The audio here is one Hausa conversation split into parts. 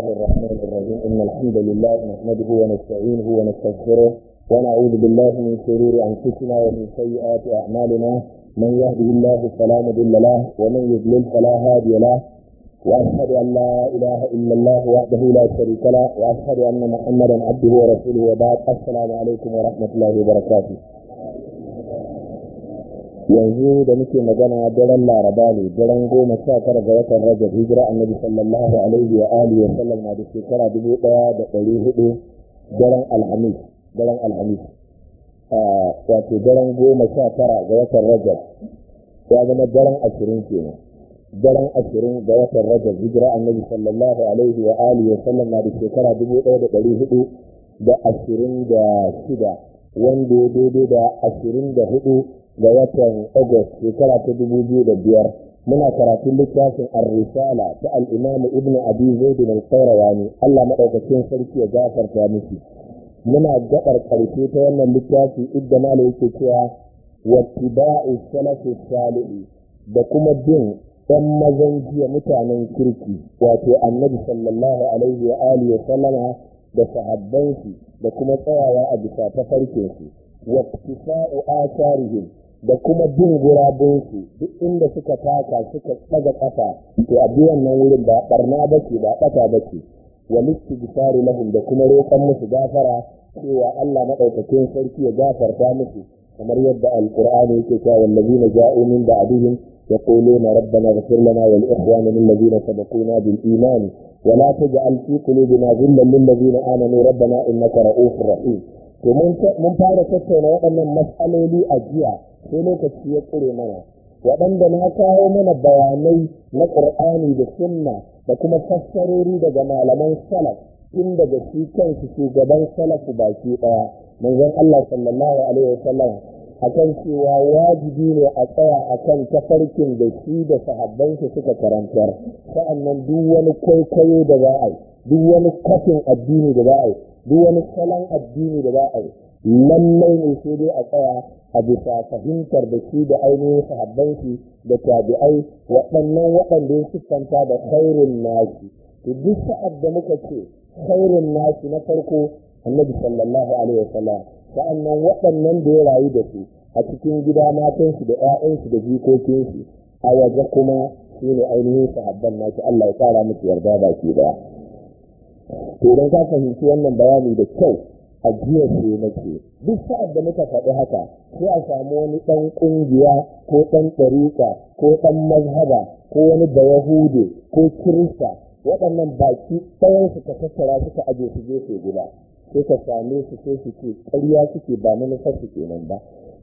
الله الرحمن الرحيم إن الحمد لله نحمده ونستعينه ونستغفره ونعوذ بالله من شرور أنفسنا ومن سيئات أعمالنا من يهده الله فلا مضل له ومن يضلل فلا هادي له وأشهد أن لا إله إلا الله وحده لا شريك له وأشهد أن محمدا عبده ورسوله وبعد السلام عليكم ورحمة الله وبركاته yanzu da muke magana daren laraba ne daren goma sha tara ga watan rajab hijira annabi sallallahu alaihi wa alihi wa sallam na da shekara dubu daya da ɗari hudu daren alhamis daren alhamis wato daren goma sha tara ga watan rajab ya zama daren ashirin kenan daren ashirin ga watan rajab hijira annabi sallallahu alaihi wa alihi wa sallam na da shekara dubu daya da ɗari hudu da ashirin da shida wanda ya daidai da ashirin da hudu ga watan August shekara ta dubu biyu da biyar muna karatun littafin ar-risala ta al-imam ibn abi zaid al ne. Allah maɗaukacin sarki ya gafarta miki muna gaɓar ƙarfe ta wannan littafi idda mala yake cewa wattiba'u salafi salihi da kuma bin ɗan mazan jiya mutanen kirki wato annabi sallallahu alaihi wa alihi wa sallama da sahabbansu da kuma tsayawa a bisa ta wa iktisa'u atharihim da kuma bin gurabun su duk inda suka taka suka tsaga kafa to a biyan nan wurin ba barna ba ke ba kafa ba ke wa liski bisari lahum da kuma roƙon musu gafara cewa Allah maɗaukakin sarki ya gafarta musu kamar yadda alqur'ani yake cewa na ladina ja'u min ba'dihim yaquluna rabbana ighfir lana wal ikhwana lil ladina sabaquna bil iman wa la taj'al fi qulubina ghillan lil ladina amanu rabbana innaka ra'ufur rahim to mun fara tattauna waɗannan matsaloli a jiya sai lokaci ya tsire mana waɗanda na kawo mana bayanai na ƙur'ani da sunna da kuma fassarori daga malaman salaf tun daga shi kansu shugaban ba baki ɗaya manzon Allah sallallahu alaihi wasallam akan cewa wajibi ne a tsaya akan tafarkin da shi da shi suka karantar sa'annan duk wani kwaikwayo da za a yi duk wani kafin addini da za a yi duk wani salon addini da za a yi lallai ne sai dai a tsaya a bisa fahimtar da shi da ainihin sahabban da tabi'ai waɗannan waɗanda ya siffanta da khairun nashi to duk sa'ad da muka ce khairun nashi na farko annabi sallallahu alaihi wasallam sa'annan waɗannan da ya rayu da su a cikin gida matansu da 'ya'yansu da jikokinsu a waje kuma shi ne ainihin sahabban nashi Allah ya kara musu yarda baki ba. to idan ka fahimci wannan bayani da kyau ajiya ce nake duk sa'ad da muka faɗi haka sai a samu wani ɗan ƙungiya ko ɗan ɗariƙa ko ɗan mazhaba ko wani da yahude ko kirista waɗannan baki ɗayan su ka tattara suka aje su gefe guda sai ka same su sai su ce ƙarya suke ba manufar su kenan ba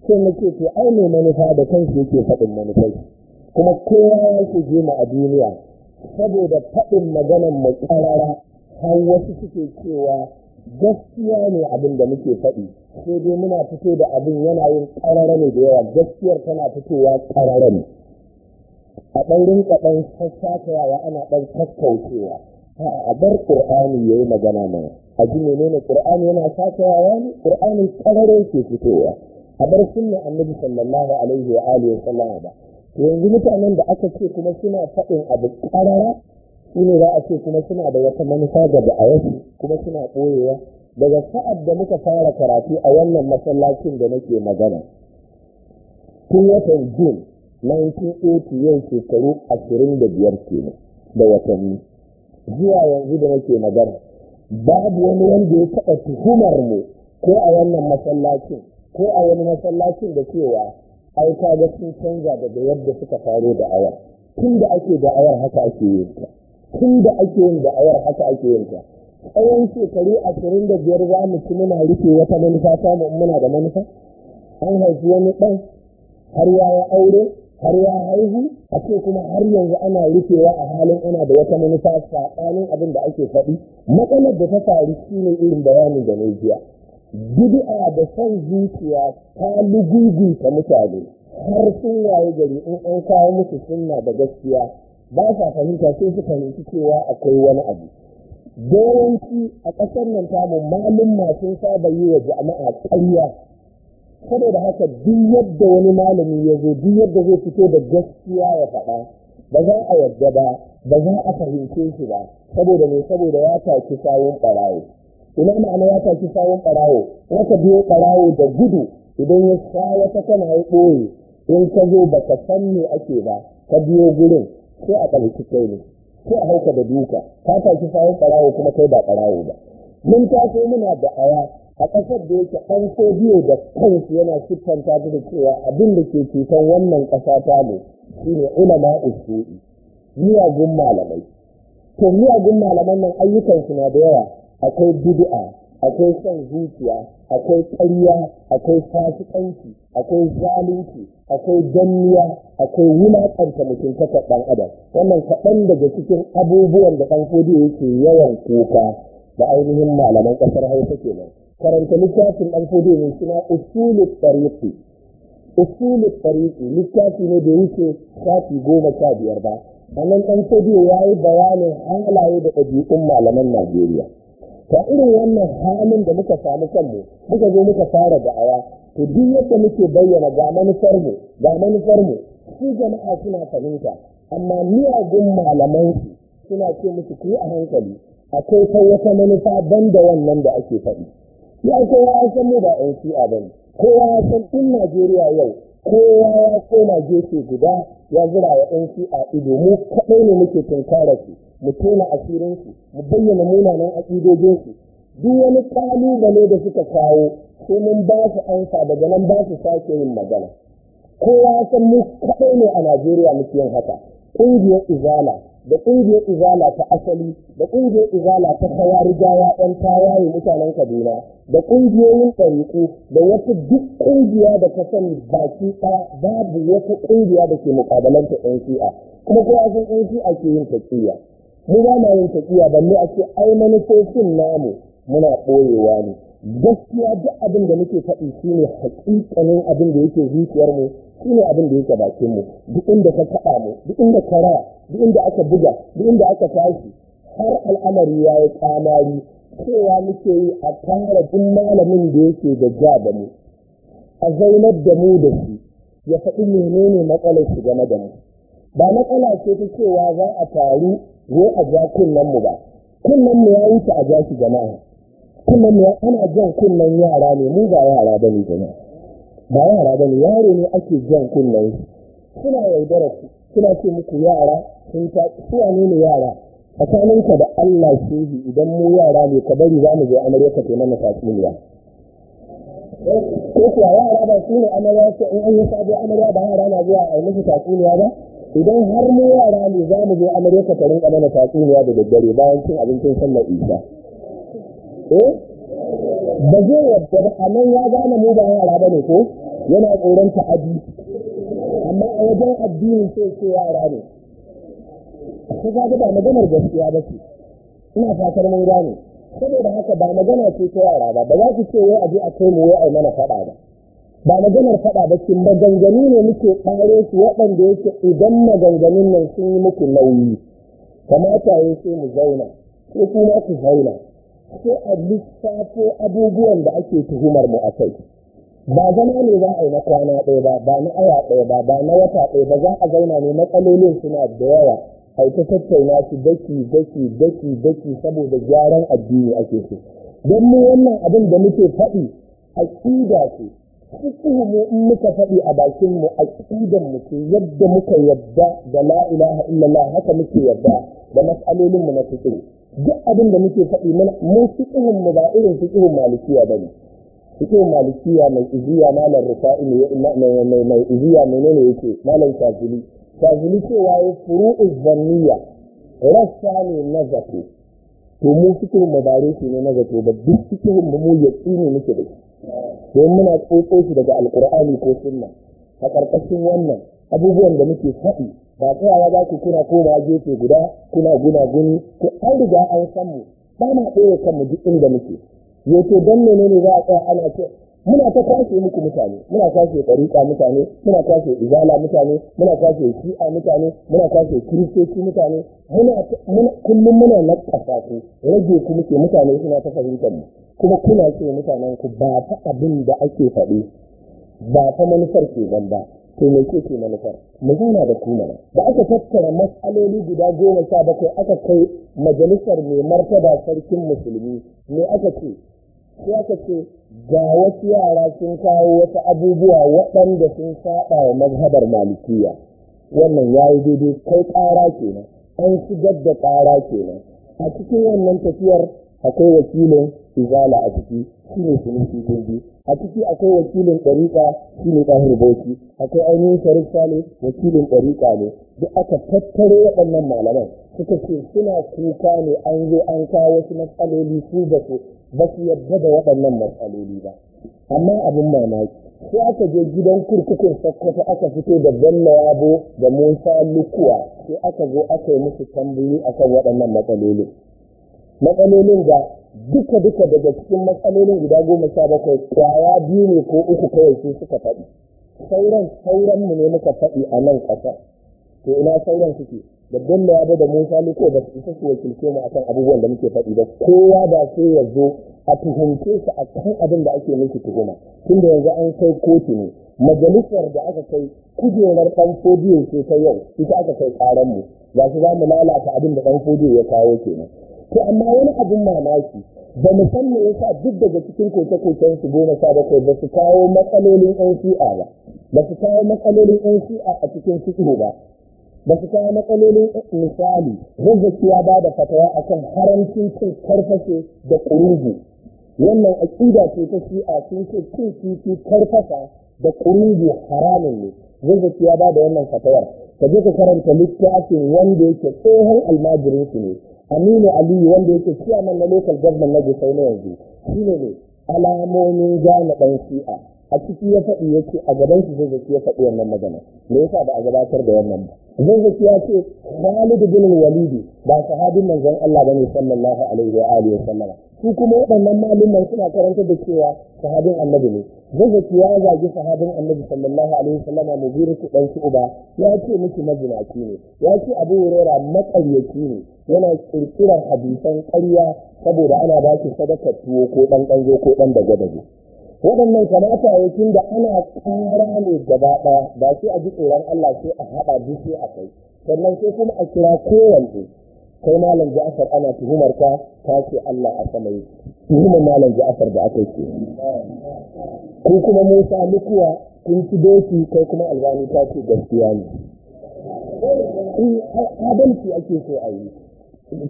sai na ce ai manufa da kansu yake faɗin manufar kuma kowa ya ke je a duniya saboda faɗin maganar mai ƙarara har wasu suke cewa gaskiya ne abin da muke faɗi sai dai muna fito da abin yana yin ƙarara ne da yawa gaskiyar tana fitowa ƙarara ne a ɗaurin kaɗan yawa, ana ɗan kakkaucewa a bar ƙur'ani ya yi magana mana a ji ne ƙur'ani yana yawa ne ƙur'ani ƙarare ke fitowa a bar sunna annabi sallallahu alaihi wa alihi wa ba yanzu mutanen da aka ce kuma suna faɗin abu ƙarara shi ne za a ce kuma suna da wata manufa ga da'awarsu kuma suna ɓoyewa daga sa'ad da muka fara karatu a wannan masallacin da nake magana tun watan june 1980 yau shekaru 25 kenan da watanni zuwa yanzu da nake magana babu wani wanda ya taɓa tuhumar mu ko a wannan masallacin ko a wani masallacin da cewa ai ga sun canza daga yadda suka faro da awa. tun da ake da awar haka ake yin tun da ake yin da ayar haka ake yin ta tsawon shekaru ashirin da biyar za mu ci muna rufe wata manufa samu muna da manufa an haifi wani ɗan har ya yi aure har ya haihu a ce kuma har yanzu ana rikewa a halin ana da wata manufa saɓanin abin da ake faɗi matsalar da ta faru shine irin bayanin da na jiya bidi'a da san zuciya ta lugugunta mutane har sun waye gari in an kawo musu sunna da gaskiya ba sa fahimta sai suka fahimci cewa akwai wani abu yawanci a ƙasar nan tamu malin masu saba yi wa jama'a ƙarya saboda haka duk yadda wani malami ya zo duk yadda zai fito da gaskiya ya faɗa ba za a yarda ba ba za a fahimce shi ba saboda ne saboda ya taki sawun ɓarawo ina ma'ana ya taki sawun ɓarawo wata biyo ɓarawo da gudu idan ya sa wata kana ya ɓoye in ka zo ba ka san me ake ba ka biyo gurin ko a ɗauki kai ne ko a hauka da duka ka tashi hauka rawo kuma kai ba ɓarawo ba mun taso muna da aya a ƙasar da yake an so biyo da kansu yana siffanta ta da cewa abin da ke cutar wannan ƙasa ta ne shine ulama usu'i miyagun malamai to miyagun malaman nan ayyukansu na da yawa akwai bid'a akwai son zuciya akwai ƙarya akwai fasikanci akwai zalunci akwai danniya akwai wulaƙanta mutuntakar ɗan adam wannan kaɗan daga cikin abubuwan da ɗan fodiyo yake yawan kuka da ainihin malaman ƙasar hausa ke nan. karanta littafin ɗan kodi ne suna usulul tariqi usulul tariqi littafi ne da yake shafi goma sha biyar ba sannan ɗan fodiyo ya yi bayanin halaye da ɗabi'un malaman najeriya ta irin wannan halin da muka samu kanmu muka zo muka fara da'awa to duk yadda muke bayyana ga manufar mu ga manufar mu su jama'a suna fahimta amma miyagun malaman su suna ce musu ku a hankali akwai ta wata manufa ban da wannan da ake faɗi ya kowa ya san mu ba yan shi'a ba ne kowa ya san in najeriya yau kowa ya koma gefe guda ya zura wa yan shi'a ido mu kaɗai ne muke tunkara su mu tona asirin su mu bayyana munanan aƙidojin su duk wani kalubale da suka kawo sunan mun ba su ansa daga nan ba su sake yin magana kowa san mu kaɗai ne a najeriya muke yin haka ƙungiyar izala da ƙungiyar izala ta asali da ƙungiyar izala ta gaya ɗan tawaye mutanen kaduna da ƙungiyoyin ɗariƙu da wasu duk ƙungiya da ta sani baki ɗaya babu wata ƙungiya da ke muƙabalanta ɗan shi'a kuma kowa san ɗan shi'a ke yin taƙiyya mu ba ma yin taƙiyya balle a ce ai manufofin namu muna ɓoyewa ne gaskiya duk abin da muke faɗi shi ne haƙiƙanin abin da yake zuciyar mu shi ne abin da yake bakin mu duk inda ka taɓa mu duk inda ka raya duk inda aka buga duk inda aka tashi har al'amari ya yi tsamari cewa muke yi a tara duk malamin da yake da ja da mu a zaunar da mu da shi ya faɗi menene matsalar shi game da mu ba matsala ce ta cewa za a taru ko a ja kunnen mu ba kunnen mu ya wuce a ja shi jama'a kuma ne ana jan kunnen yara ne mu ba yara ba ne ba yara ba ne yaro ne ake jan kunnen suna yaudara ku suna ce muku yara sun ta suwa ne ne yara tsakaninka da Allah shehi idan mu yara ne ka bari za mu je amarya ka mana tatsuniya ko kuwa yara ba su ne amarya su in an yi sabo amarya ba yara na zuwa a yi musu tatsuniya ba idan har mu yara ne za mu je amarya ka tarin mana tatsuniya da daddare bayan cin abincin sallar isa eh ba zai yadda ba amma ya gane mu ba yara ba ne ko yana tsoron ta'adi amma a wajen addini sai ce yara ne ko ga ba maganar gaskiya ba ce ina fatar mun gane saboda haka ba magana ce ta yara ba ba za ki ce wai je a kai mu wai a mana faɗa ba ba maganar faɗa ba ce maganganu ne muke ɓare su waɗanda yake idan maganganun nan sun yi muku nauyi kamata ya sai mu zauna ko kuma ku zauna sai a lissafo abubuwan da ake tuhumar mu a kai ba zama ne za a yi na kwana ɗaya ba ba na aya ɗaya ba ba na wata ɗaya ba za a zauna ne matsalolin suna da yawa ai ta tattauna su daki daki daki daki saboda gyaran addini ake su don mu wannan abin da muke faɗi a aƙida ce kuku mu in muka faɗi a bakin mu ƙidan mu ce yadda muka yadda da la ilaha illallah haka muke yadda da mas'alolin mu na fiqh duk abin da muke faɗi mana mun fiqhun mu ba irin fiqhun malikiya bane fiqhun malikiya mai iziya malar rufa'i mai mai iziya yake malar shafili shafili cewa ya furu izaniya ne na zato to mu fiqhun mu ba ne na zato ba duk fiqhun mu mu yaqini muke da shi don muna tsotso shi daga Alƙur'ani ko sunna a ƙarƙashin wannan abubuwan da muke faɗi ba yawa za ku kuna koma gefe guda kuna guna guni ko an riga an san mu ba ma ɗaya kan mu duk inda muke don dan ne za a tsaya ana ce muna ta kwashe muku mutane muna kwashe ɗariƙa mutane muna kwashe izala mutane muna kwashe shi'a mutane muna kwashe kiristoci mutane kullum muna nakasa ku rage ku muke mutane suna ta fahimtar mu kuma kuna ce mutanen ku ba ta abin da ake faɗi ba ta manufar ke ban ba to mai ke ke manufar mu zauna da ku mana da aka tattara matsaloli guda goma sha bakwai aka kai majalisar mai martaba sarkin musulmi ne aka ce sai aka ce ga wasu yara sun kawo wata abubuwa waɗanda sun saɓa wa mazhabar malikiya wannan ya yi daidai kai ƙara kenan an shigar da ƙara kenan a cikin wannan tafiyar akwai wakilin izala a ciki shi ne sunan biyu a ciki akwai wakilin ɗariƙa shi ne ɗahir bauchi akwai ainihin sharif sale wakilin ɗariƙa ne duk aka tattare waɗannan malaman suka ce suna kuka ne an zo an kawo wasu matsaloli su ba su ba su yadda da waɗannan matsaloli ba amma abin mamaki sai aka je gidan kurkukun sakkwato aka fito da bello yabo da musa lukuwa sai aka zo aka yi musu tambayi akan waɗannan matsalolin matsalolin ga duka duka daga cikin matsalolin guda goma sha bakwai kwaya biyu ne ko uku kawai su suka faɗi sauran sauran mu ne muka faɗi a nan ƙasa to ina sauran suke da bello ya da musa liko ba su isa su wakilce mu akan abubuwan da muke faɗi ba kowa ba sai ya zo a tuhumce su a kan abin da ake miki tuhuma tun da yanzu an kai kotu ne majalisar da aka kai kujerar ɗan fodiyo ce yau ita aka kai ƙaranmu. mu su za mu lalata abin da ɗan fodiyo ya kawo kenan to amma wani abin mamaki ba mu san me yasa duk daga cikin koke-koken su goma sha bakwai ba su kawo matsalolin yan shi'a ba ba su kawo matsalolin yan shi'a a cikin fiƙo ba ba su kawo matsalolin eh, misali rubaki ya ba da fatawa kan haramcin cin karfashe da ƙurugu wannan aƙida ce ta shi'a sun ce cin kifi karfasa da ƙurugu haramun ne rubaki ya ba da wannan fatawar ka je ka karanta littafin wanda yake tsohon almajirin ne aminu aliyu wanda yake ciyaman na local government na jisai na yanzu shi ne alamomin gane ɗan shi'a a ciki ya faɗi ya ce a gaban shi zai zaki ya faɗi wannan magana me yasa ba a gabatar da wannan ba zai zaki ya ce Khalid bin Walid ba sahabin manzon Allah bane sallallahu alaihi wa alihi wa sallama su kuma waɗannan malaman suna karanta da cewa sahabin annabi ne zai zaki ya zagi sahabin annabi sallallahu alaihi wa sallama mubiratu dan uba ya ce miki mazinaki ne ya ce Abu Huraira makaryaci ne yana ƙirƙirar hadisan ƙarya saboda ana ba shi sadakar tuwo ko ɗan ƙanzo ko ɗan dage-dage. waɗannan kamata yakin da ana tsara ne gaba ɗaya ba sai a ji tsoron Allah sai a haɗa duk sai a kai sannan sai kuma a kira kowanne kai malam Asar ana tuhumar ka ta ce Allah a sama yi tuhumar malam Asar da aka ce ko kuma musa mukuwa kun ci doki kai kuma albani ta ce gaskiya ne eh, adalci ake so a yi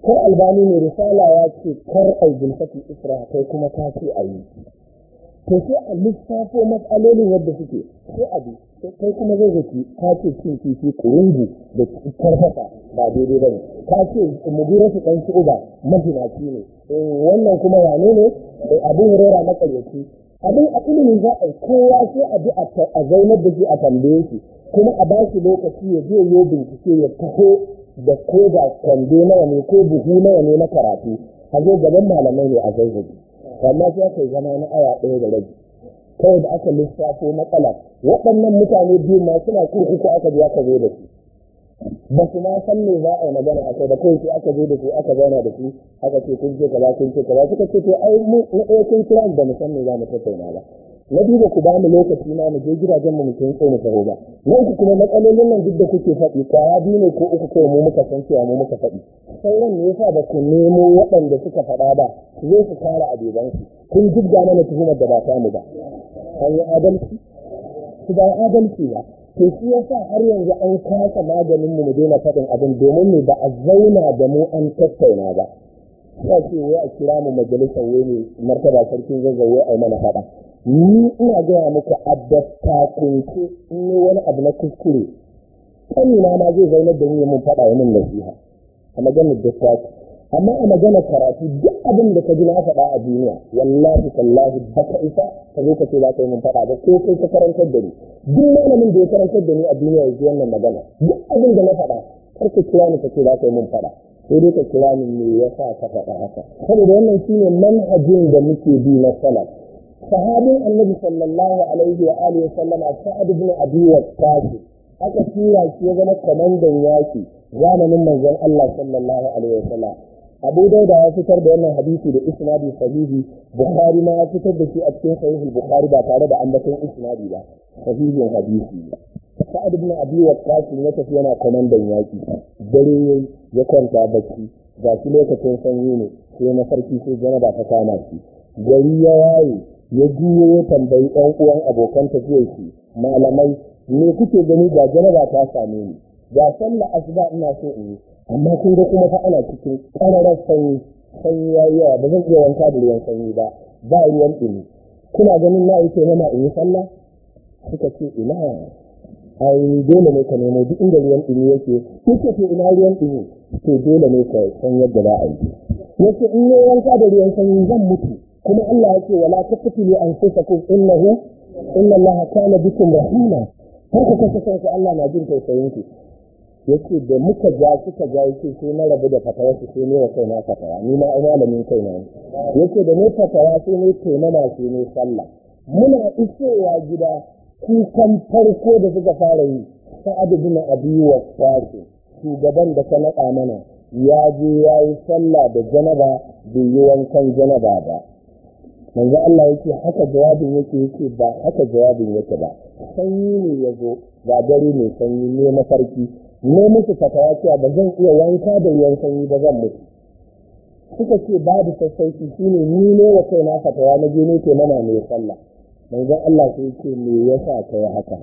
kar albani ne risala ya ce kar aibin isra kai kuma ta ce a yi to sai a lissafo matsalolin yadda suke sai a bi kai kuma zai zaki ka ce cin kifi kurungu da haka ba daidai ba ne ka ce mugura su ɗan uba mazinaci ne eh, wannan kuma ya ne eh, da abu hurera makaryaci abin a ilimin za a kowa sai a bi a zaunar da shi a tambaye shi kuma a ba shi lokaci ya je ya bincike ya taho da ko da kwando nawa ne ko buhu nawa ne na karatu a zo gaban malamai ne a zaizabi amma sai aka yi zama na aya ɗaya da rabi kawai da aka lissafo matsala waɗannan mutane biyu ma suna kurkuku aka je aka zo da su ba su ma san me za a magana a kai da kawai sai aka zo da su aka zauna da su aka ce kun ce kaza kun ce kaza suka ce to ai na ɗaya kun kira da mu san me za mu tattauna ba na duba ku ba lokaci na mu je gidajen mu mutum ko mu taro ba na uku kuma matsalolin nan duk da kuke faɗi kwaya biyu ne ko uku ko mu muka san cewa mu muka faɗi sauran ne yasa ba ku nemo waɗanda suka faɗa ba su zo su kare abeban su kun jibga mana tuhumar da ba ta mu ba an adalci su ba adalci ba to shi yasa har yanzu an kasa maganin mu mu daina faɗin abin domin ne ba a zauna da mu an tattauna ba ya ce wai a kira mu majalisar wani martaba sarkin zazzawai a mana faɗa ni ina gaya muku addasta kunku ne wani abu na kuskure kanina ma zai zaunar da ni mun faɗa wani min nasiha a maganar da amma a maganar karatu duk abin da ka ji na faɗa a duniya wallahi tallahi ka isa ka zo ka ce za ka yi mun faɗa ba ko kai ka karantar da ni duk malamin da ya karantar da ni a duniya ya ji wannan magana duk abin da na faɗa kar ka kira ni ka ce za ka yi mun faɗa sai dai ka kira ni me yasa ka faɗa haka saboda wannan shine manhajin da muke bi na salaf sahabin annabi sallallahu alaihi wa alihi wa sallam sa'ad ibn abi waqqas aka tura shi ya zama kwamandan yaki zamanin manzon Allah sallallahu alaihi wa sallam Abu ya fitar da wannan hadisi da isnadi sahihi Bukhari ma ya fitar da shi a cikin sahih Bukhari ba tare da ambaton isnadi ba sahihin hadisi Sa'ad ibn Abi Waqqas ne tafi yana kwamandan yaki dare ya kwanta bacci ga shi lokacin sanyi ne sai mafarki sai jana ba ta kama shi gari ya waye ya juyo ya tambayi ɗan uwan abokan tafiyar shi malamai ne kuke gani ga jaraba ta same ni ga sallah asuba ina so in yi amma kun ga kuma fa ana cikin ƙararar sanyi sanyi ya yi yawa ba zan iya wanka da ruwan sanyi ba ba ruwan ɗumi kuna ganin na yi taimama in yi sallah suka ce ina ai dole ne ka nemo duk inda ruwan ɗumi yake suka ce ina ruwan ɗumi ke dole ne ka san yadda za a yi yace in yi wanka da ruwan sanyi zan mutu kuma Allah yake wala taqtulu anfusakum innahu inna Allah kana bikum rahima har ka kashe kanku Allah na jin tausayin ku yake da muka ja suka ja yake sai na rabu da fatawa su sai ne wa kaina fatawa ni ma malamin kai ne yake da ne fatawa sai ne taimama sai ne sallah muna isowa gida kukan farko da suka fara yi sa'ad bin abi waqqas shugaban da ka naɗa mana ya je ya yi sallah da janaba bai yi wankan janaba ba manzo Allah yake haka jawabin yake yake ba haka jawabin yake ba sanyi ne ya zo ga dare mai sanyi ne mafarki ne musu fatawa cewa ba zan iya wanka da ruwan sanyi ba zan mutu suka ce babu sassauci shine ni ne wa kaina fatawa na je ne ke mana mai sallah manzo Allah sai yake me yasa kai haka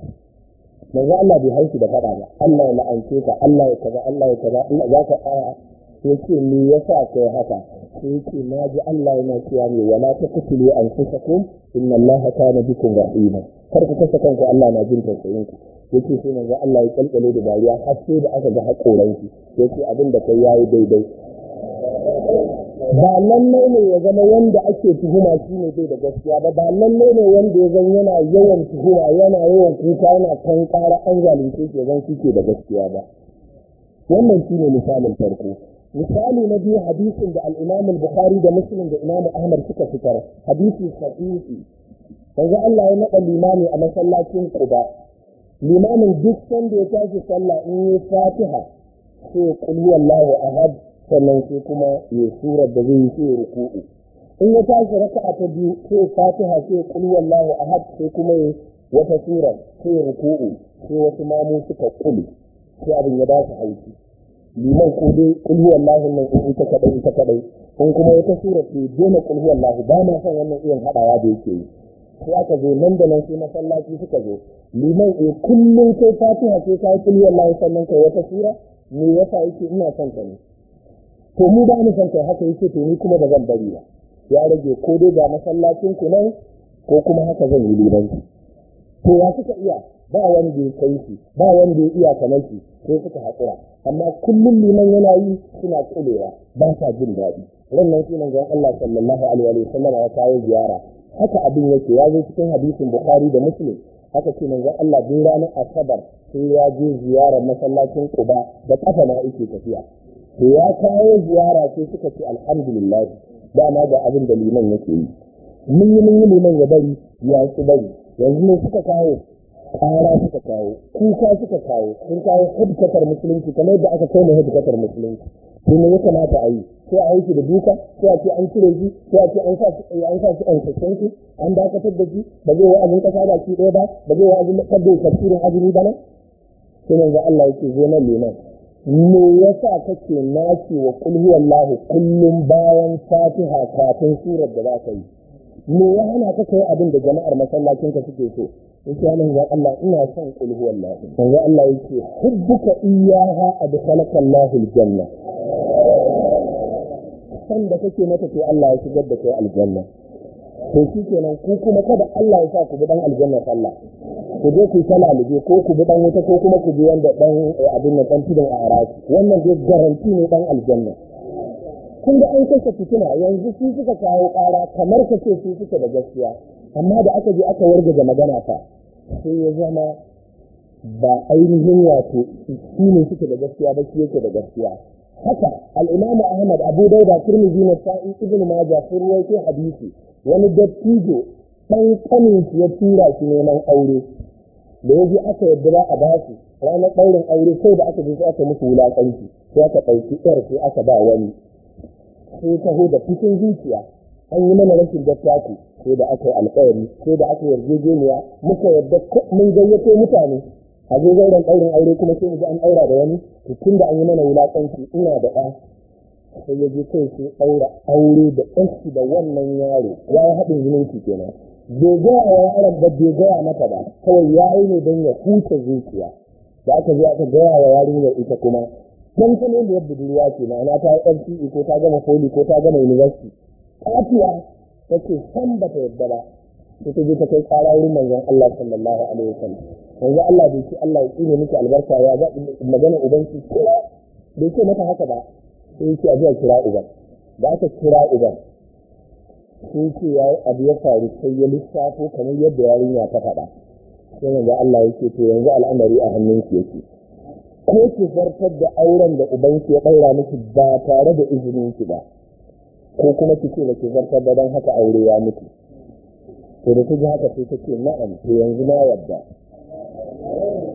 manzo Allah bai haishi da fada ba Allah ya la'ance ka Allah ya kaza Allah ya kaza Allah za ka aya yake me yasa kai haka sai na ji Allah yana cewa ne wala kusa anfusakum inna Allaha kana bikum rahima kar ku kasa kanku Allah na jin tausayin ku yake sai ga Allah ya kalkale da bariya har sai da aka ga hakoran ki yake abin da kai yayi daidai ba lalle ne ya zama wanda ake tuhuma shi ne bai da gaskiya ba ba ne wanda ya zama yana yawan tuhuma yana yawan kuka yana kan kara an zalunce shi ya zan shi da gaskiya ba wannan shi ne misalin farko misali na biyu hadisin da al Buhari al-Bukhari da Muslim da Imam Ahmad suka fitar hadisi sahihi yanzu Allah ya naɗa limami a masallacin Quba limamin duk sanda ya tashi sallah in yi Fatiha sai qul huwallahu ahad sannan sai kuma ya surar da zai yi sai ruku'u in ya tashi raka'a ta biyu sai Fatiha sai qul huwallahu ahad sai kuma ya wata surar sai ruku'u sai wasu mamu suka kulu sai abin ya ba su hauki liman ko dai kulhu wallahi nan in ita kadai ita kadai in kuma wata sura ce dole kulhu wallahi ba na son wannan irin hadawa da yake yi sai aka zo nan da nan sai masallaci suka zo liman ko eh, kullum sai fatiha ko sai kulhu wallahi sannan kai wata sura me yasa yake ina son ka ne to mu ba ni son kai haka yake to ni kuma ba zan bari ba ya rage ko dai ga masallacin ku nan ko kuma haka zan yi liman to ya suka iya ba wanda ya kai shi ba wanda ya iya kamar shi sai suka haƙura amma kullum liman yana yi suna tsulewa ba sa jin daɗi wannan shi ga Allah sallallahu alaihi wa sallam ya kawo ziyara haka abin yake ya zo cikin hadisin bukhari da muslim haka ce ga Allah bin ranar asabar sai ya je ziyarar masallacin Quba da kafa na yake tafiya to ya kawo ziyara sai suka ce alhamdulillah dama ga abin da liman yake yi mun yi mun yi liman ya bari ya su bari yanzu ne suka kawo ƙara suka kawo kuka suka kawo sun kawo hudkatar musulunci kamar da aka kai mu hudkatar musulunci to me ya kamata a yi sai a aiki da duka sai a ce an cire shi sai a ce an sa shi an sa shi an sassan an dakatar da shi ba zai wa'azin kasa shi ɗaya ba ba zai wa'azin kaddo tafsirin azumi ba nan sai yanzu Allah yake zo nan liman me yasa kake naci wa qul huwallahu kullum bayan fatiha kafin surar da za ka yi me ya hana ka kai abin da jama'ar masallacin ka suke so yake anan ya Allah ina son kul huwallahi manzo Allah yake hubbuka iyyaha adkhalaka Allahu aljanna san da kake mata to Allah ya shigar da kai aljanna to shi kenan ku kuma kada Allah ya sa ku bi dan aljanna sallah ku je ku sallah lije ko ku bi dan wuta ko kuma ku bi wanda dan eh, abin nan dan tudun a arashi wannan dai garanti ne dan aljanna kun da an kashe fitina yanzu su suka kawo kara kamar kace su suka da gaskiya amma da aka je aka wargaza magana ta sai ya zama ba ainihin wato shi ne suke da gaskiya ba shi yake da gaskiya haka al'imamu ahmad abu da tirmidhi na sa'i ibn majah sun rawaito hadisi wani dattijo ɗan kanin shi ya tura shi neman aure da yaji aka yadda ba a basu ranar ɗaurin aure sai da aka zuwa aka musu wulaƙanci sai aka ɗauki ƴar sai aka ba wani sai taho da cikin zuciya an yi mana rashin gaskiya ce ko da aka yi alƙawari ko da aka yarjejeniya muka yadda mun gayyato mutane a zo zauren ɗaurin aure kuma sai mu ji an ɗaura da wani to tun da an yi mana wulaƙanci ina da ɗa sai ya je kai sai ɗaura aure da ɗansu da wannan yaro ya yi haɗin zumunci kenan bai gaya wa yaron ba bai gaya mata ba kawai ya yi ne don ya huta zuciya da aka je aka gaya wa yarinyar ita kuma dan kuma yadda budurwa ce ma'ana ta yi ko ta gama foli ko ta gama university kafiya ta ce san ba ta yadda ba sai ta je ta kai kara wurin manzon Allah sallallahu alaihi wasallam yanzu Allah bai ce Allah ya tsine miki albarka ya ga magana ubanki kira. bai ce mata haka ba sai ce a kira uban da aka kira uban sai ce ya yi abu ya faru sai ya lissafo kamar yadda yarinya ta faɗa sai yanzu Allah ya ce to yanzu al'amari a hannunki yake ko ki zartar da auren da ubanki ya ɗaura miki ba tare da izinin ki ba ko kuma ki ce da ki zartar da don haka aure ya mutu to da ta ji haka sai ta ce na'am to yanzu na yadda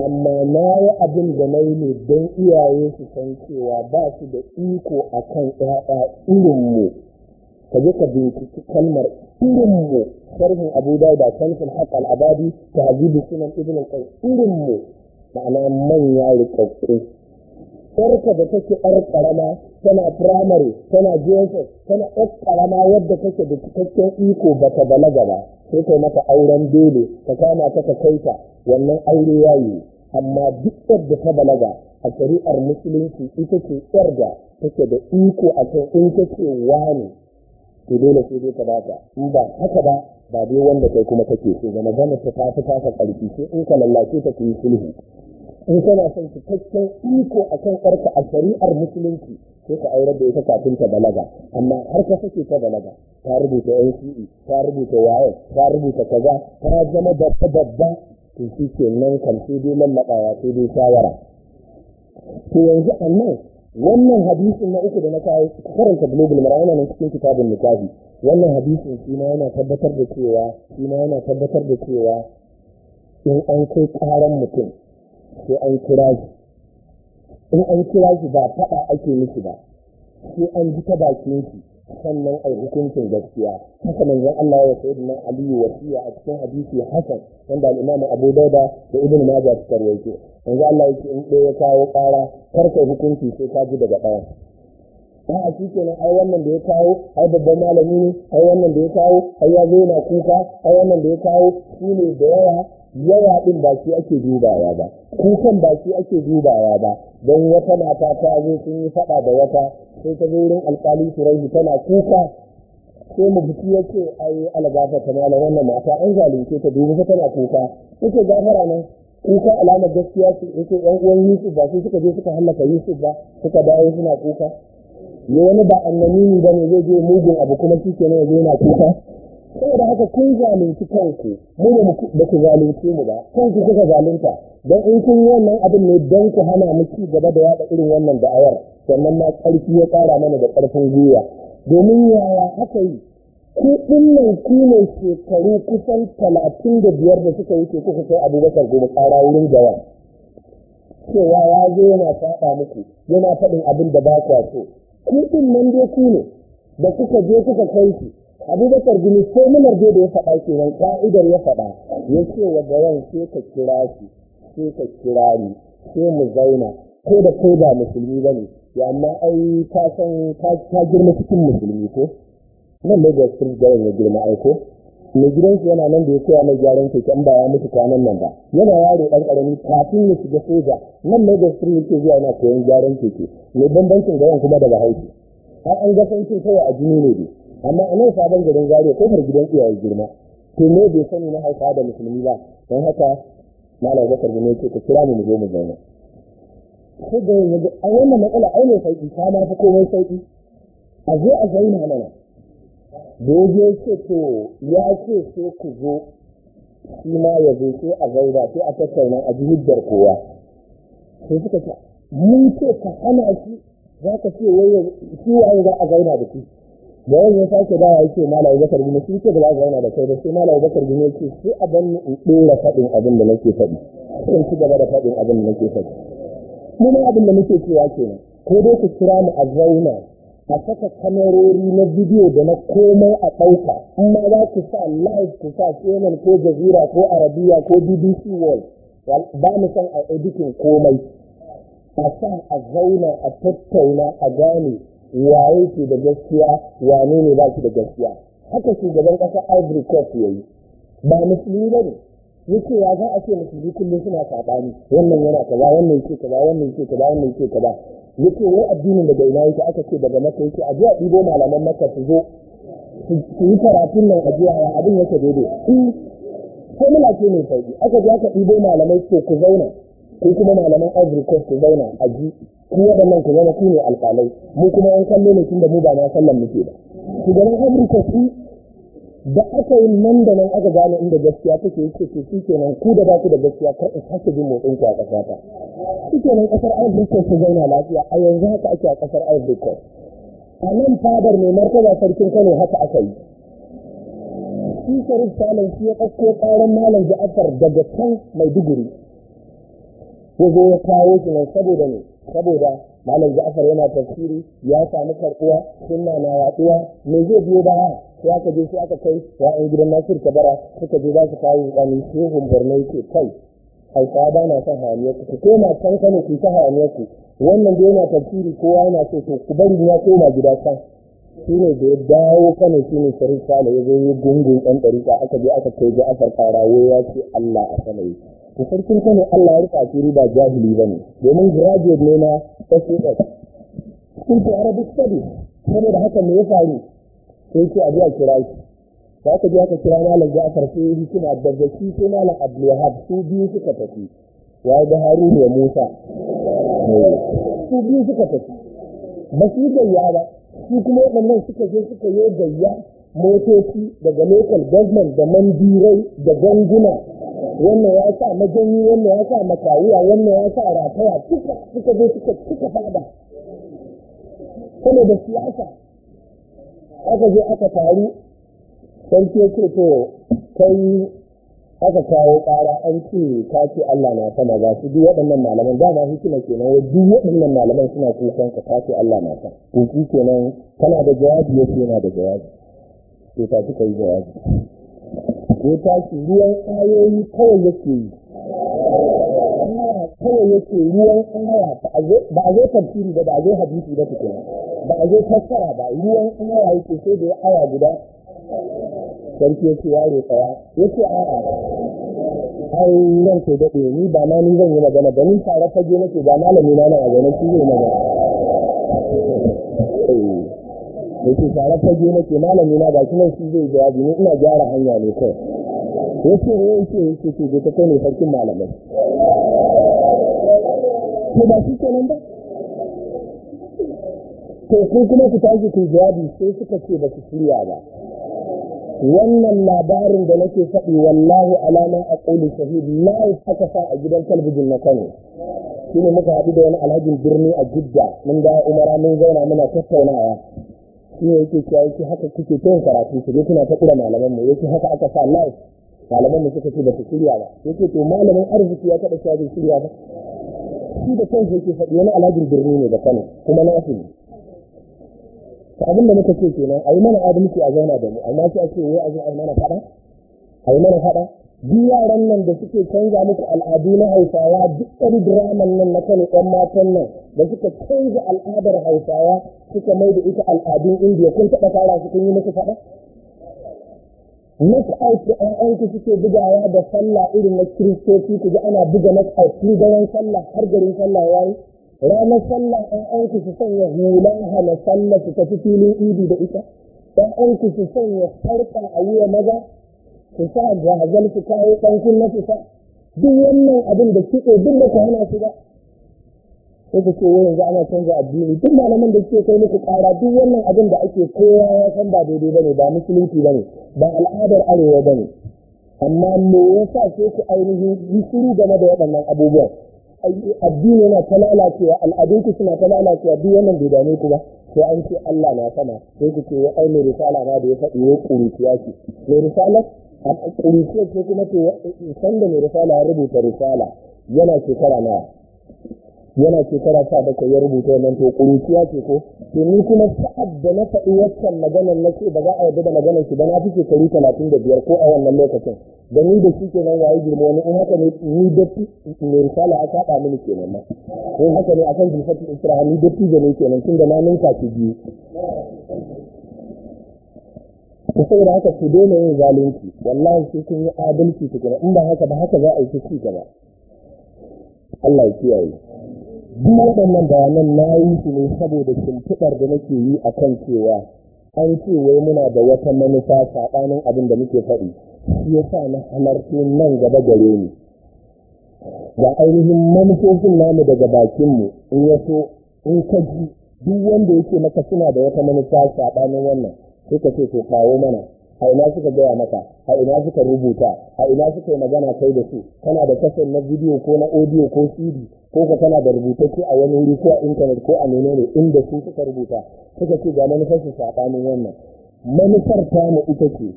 amma na yi abin da na yi ne don iyaye su san cewa ba su da iko a kan ‘ya'ya irinmu ka je ka binciki kalmar irinmu sharhin abu da shamsul haq al-abadi ta habibu sunan ibn kan irinmu ma'ana manya rikakku sarka da take ƴar ƙarama tana firamare tana jesus tana ɗan ƙarama yadda kake da cikakken iko ba ta balaga ba sai kai mata auren dole ka kama ta ka kai ta wannan aure ya yi amma duk da ta balaga a shari'ar musulunci ita ce yar da take da iko a kan in ta ce wani to dole sai dai ta ba ta in ba haka ba ba dai wanda kai kuma take so ba magana ta tafi kasa ƙarfi sai in ka lallace ta ku yi sulhu in kana son cikakken iko a kan karka a shari'ar musulunci sai ka aure da ita kafin ta balaga amma har ka sake ta balaga ta rubuta NCE ta rubuta waye ta rubuta kaza ta zama da ta babba to shi ke nan kan sai dai ya sai dai shawara to yanzu annan wannan hadisin na uku da na kawo karanta global mara yana nan cikin kitabun nikahi wannan hadisin shi ma yana tabbatar da cewa shi ma yana tabbatar da cewa in an kai ƙaran mutum sai an kira shi in an kira shi ba faɗa ake miki ba sai an ji ta bakin shi sannan ai hukuncin gaskiya haka manzon Allah ya sayi nan aliyu wasiya a cikin hadisi Hassan, wanda al imam Abu Dauda da Ibn Majah suka rawaito manzon Allah yake in ɗaya ya kawo ƙara kar kai hukunci sai ka ji daga ɗaya ba a cikin ai wannan da ya kawo ai babban malami ne ai wannan da ya kawo ai ya zo yana kuka ai wannan da ya kawo shi ne da yawa yawa ɗin ba shi ake dubawa ba kukan ba shi ake dubawa ba don wata mata ta zo sun yi faɗa da wata sai ta zo wurin alƙali turaihi tana kuka sai mu biki ya ce ai algafa ta mala wannan mata an zalunce ta dubu ta tana kuka yake gafara nan kuka alamar gaskiya ce yake yan uwan yusuf ba sai suka je suka hallaka yusuf ba suka dawo suna kuka ne wani ba annani ne ba ne zai je mugun abu kuma shi ke ne kuka saboda haka kun zalunci kanku mu da ba ku zalunci mu ba kanku kuka zalunta don in kun yi wannan abin ne don ku hana mu ci gaba da yaɗa irin wannan da'awar sannan ma karfi ya ƙara mana da karfin gwiwa domin yaya haka yi ku nan ku ne shekaru kusan talatin da biyar da suka wuce kuka kai abubakar goma kara wurin gawa cewa ya zo yana faɗa muku yana faɗin abin da ba kwa so ku dinnan dai ku ne da kuka je kuka kai shi abubakar gini ko munar da ya faɗa ke nan ƙa'idar ya faɗa ya ce wa garan sai ka kira shi sai ka kira ni sai mu zauna ko da ko ba musulmi ba ne ya amma ai ka san ka girma cikin musulmi ko nan ne da sun ya girma ai ko mai gidansu yana nan da ya koya mai gyaran keke an ba ya mutu kwanan nan ba yana yaro ɗan ƙarami kafin ya shiga soja nan ne da sun yake zuwa yana koyon gyaran keke mai bambancin garan kuma daga haiti har an ga san kawai a jini ne dai amma a nan sabon garin zariya kofar gidan iyaye girma to ne bai sani na hausa da musulmi ba don haka malam zakar gumi yake ka kira mu mu zo mu zauna ko da yanzu a wannan matsala ai ne sauki ta ma fi komai sauki a zo a zauna mana da ya ce to ya ce so ku zo shi ma ya zo sai a zauna sai a tattauna a ji hujjar kowa sai suka ce mun ce ka hana shi za ka ce wai shi waye za a zauna da shi yau ya sake da ya ce malai bakar gini Sun ce da za zauna da kai da sai malai bakar gini ya ce sai a ban in dora faɗin abin da nake faɗi sai in ci gaba da faɗin abin da nake faɗi mu ma abin da muke cewa kenan ko dai ku kira mu a zauna a saka kamarori na bidiyo da na komai a ɗauka in ma za ku sa live ku sa CNN ko jazira ko Arabiya ko BBC World ba mu san a editing komai a sa a zauna a tattauna a gane waye ke da gaskiya wane ne ba shi da gaskiya haka shugaban ƙasa ivory coast ya yi ba musulmi ba ne Ya ce ya za a ce musulmi kullum suna saɓani wannan yana kaza wannan yake kaza wannan yake kaza wannan yake kaza ce wai addinin daga ina yake aka ce daga maka yake a jiya ɗibo malaman maka su zo su yi karatun nan a jiya abin yake daidai eh, ko muna ce mai sauki aka je aka ɗibo malamai ce ku zauna ko kuma malaman ivory coast ku zauna a ji ku waɗannan ku zama ku ne alƙalai mu kuma an kallo ne tunda mu ba na sallan muke ba shugaban amurka su da aka yi nan da nan aka gane inda gaskiya take yake ce ke nan ku da baku da gaskiya kar in sake jin motsin ku a ƙasa ta shi kenan ƙasar ivory su zauna lafiya a yanzu haka ake a ƙasar ivory a nan fadar mai martaba sarkin kano haka aka yi shi sharif salon shi ya ɗauko ƙaran malam ja'afar daga can maiduguri ya zo ya kawo shi nan saboda ne saboda malam ja'far yana tafsiri ya samu karbuwa sunna na yaduwa me zai biyo baya sai aka je sai aka kai Wa ya'yan gidan nasir kabara suka je za su kawo ɗani shehun borno yake kai hausa ba na son hayaniyar ku ko na san kana ku san hayaniyar ku wannan da yana tafsiri kowa yana so to ku bari ya koma gida san shi ne da ya dawo kane shi ne sharif da ya zo ya gungun ɗan ɗarika aka je aka kai ga asar karawo ya ce allah a sama yi sarkin kane allah ya rufa asiri ba jahili ba ne domin graduate ne na sas sun ce arabic studies saboda haka me ya faru sai ce a biya a kira shi da aka je aka kira malam asar? sai ya hikima da zaki sai malam abdulwahab su biyu suka tafi ya ga harun ya musa su biyu suka tafi ba su yi ya ba su kuma waɗannan suka je suka yi gayya motoci daga local government da mandirai da ganguna wannan ya sa majanyi wannan ya sa makawuya wannan ya sa rataya suka suka zo suka suka fada saboda siyasa aka je aka taru sarki ya ce to kai aka kawo ƙara an ce ka ce Allah na sama ga su duk waɗannan malaman da ba hikima kenan wai duk waɗannan malaman suna kukan ka ka ce Allah na sama to shi kenan kana da jawabi ya ce yana da jawabi to ta ci kai jawabi ko ta ce ruwan ayoyi kawai yake yi kawai yake ruwan aya ba a zo tafsiri ba ba a zo hadisi ba tukuna ba a zo fassara ba ruwan ayoyi yake sai da ya aya guda sarki ya ce yaro tsaya ya ce a'a ai ran ke daɗe ni ba ma ni zan yi magana ba ni tare fage nake ba malami na nan a ganin shi zai magana Ya ke tare fage nake malami na ba kuma shi zai jawabi ni ina gyara hanya ne kai ya ce ne eh, ya ce ya ce ce ta kai ne sarkin malamai ko ba shi kenan ba to kuma ku tashi ku jawabi sai suka ce ba su shirya ba wannan labarin da nake faɗi wallahi alama a ƙoli shahid live haka sa a gidan talabijin na kano Shi ne muka haɗu da wani alhajin birni a jidda mun ga umara mun zauna muna tattaunawa shi ne yake cewa yake haka kuke ta karatu su ne kuna ta ƙura malaman mu yake haka aka sa live malaman mu suka ce ba su shirya ba yake to malamin arziki ya taɓa cewa bai shirya ba shi da kansa yake faɗi wani alhajin birni ne da kano kuma na ne abin da muka ce kenan a yi mana adalci a zauna da mu amma sai a ce wai a zo a mana faɗa a yi mana fada? duk yaran nan da suke canza muku al'adu na hausawa duk ɗan diraman nan na kan ɗan matan nan da suka canza al'adar hausawa suka mai da ita al'adun indiya kun taɓa fara su kun yi fada? faɗa knockout da ƴaƴanku suke bugawa da sallah irin na kiristoci ku ji ana buga knockout tun daren sallah har garin sallah yayi ranar sallah ɗan ku su sanya hulan hana sallah su tafi filin idi da ita ɗan ku su sanya sarƙa a wuya maza su sa gazal su kawo ɗan kunna su sa duk wannan abin da kitso duk da ku hana su ba sai ku ce yanzu ana canza addini duk malaman da suke kai muku ƙara duk wannan abin da ake kowa ya san ba daidai ne, ba musulunci bane ba al'adar arewa bane amma me yasa sai ku ainihin yi game da waɗannan abubuwan addini yana ta lalacewa al'adunku suna ta lalacewa duk wannan bai dame ku ba sai an ce Allah na sama sai ku ce wa ai mai risala ma da ya faɗi ya ƙuruciya ce mai risala a ƙuruciya ce kuma ce sanda mai risala ya rubuta risala yana shekara nawa yana shekara sa da ya rubuta wannan to kuruciya ce ko to ni kuma sa'ad da na faɗi waccan maganar na ce ba za a yarda da maganar shi ba na fi shekaru talatin da biyar ko a wannan lokacin da ni da shi nan waye girma wani in haka ne ni da ne risala a kaɗa mini kenan ma in haka ne a akan zulfatul isra'a ni da da ne kenan tun da na ninka ki biyu ko da haka ku dole yin zalunci wallahi sai kun yi adalci tukuna in ba haka ba haka za a yi ci gaba Allah ya kiyaye duk waɗannan bayanan na yi su ne saboda shimfiɗar da nake yi a kan cewa an ce wai muna da wata manufa saɓanin abin da muke faɗi shi ya sa na halarci nan gaba gare ni ga ainihin manufofin namu daga bakinmu in ya so in ka ji duk wanda yake maka suna da wata manufa saɓanin wannan sai ka ce to kawo mana a ina suka gaya maka a ina suka rubuta a ina suka yi magana kai da su kana da kasar na bidiyo ko na audio ko cd ko ka kana da rubutacce a wani wuri ko a intanet ko a menene inda su suka rubuta suka ce ga manufar su saɓanin wannan manufar tamu ita ce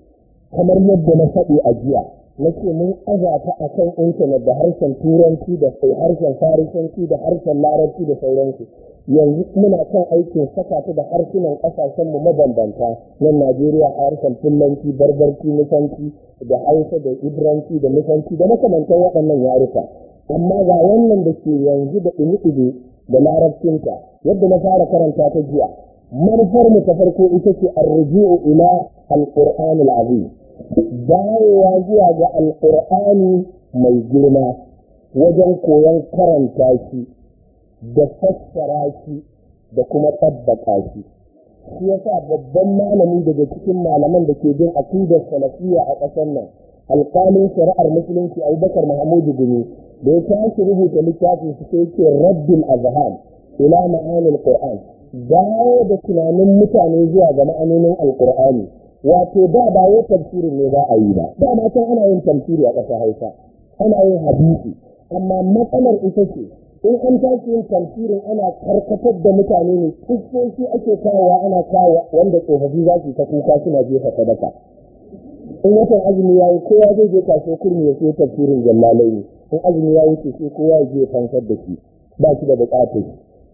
kamar yadda na faɗi a jiya na ce mun azata a kan intanet da harshen turanci da harshen farisanci da harshen larabci da sauransu yanzu muna kan aikin saka ta da harsunan kasashen mu mabambanta na Najeriya a harshen Fulanci, Barbarci, Nufanci da Hausa da Ibranci da Nufanci da makamantan waɗannan yaruka. Amma ga wannan da ke yanzu da ɗumi da larabcinta yadda na fara karanta ta jiya. Manufar mu ta farko ita ce arruju'u ila al-Qur'an al Dawowa zuwa ga al mai girma wajen koyon karanta shi da fassara shi da kuma tabbata shi shi yasa babban malami daga cikin malaman da ke bin aqidar salafiyya a ƙasar nan alƙalin shari'ar musulunci Abubakar Mahmudu Gumi da ya tashi rubuta littafin su sai ke rabbin Azhar ila ma'anil Qur'an dawo da tunanin mutane zuwa ga ma'anonin Alƙur'ani wato da ba yau tafsirin ne za a yi ba da ma ana yin tafsiri a ƙasar Hausa ana yin hadisi amma matsalar ita ce in an tashi yin tafsirin ana karkatar da mutane ne shi ake kawowa ana kawo wanda tsofaffi za su ta kuka suna jefa sadaka in watan azumi ya yi kowa zai je kaso kurmi ya siyo tafsirin jallalai ne in azumi ya wuce sai kowa ya je fansar da shi ba shi da bukatar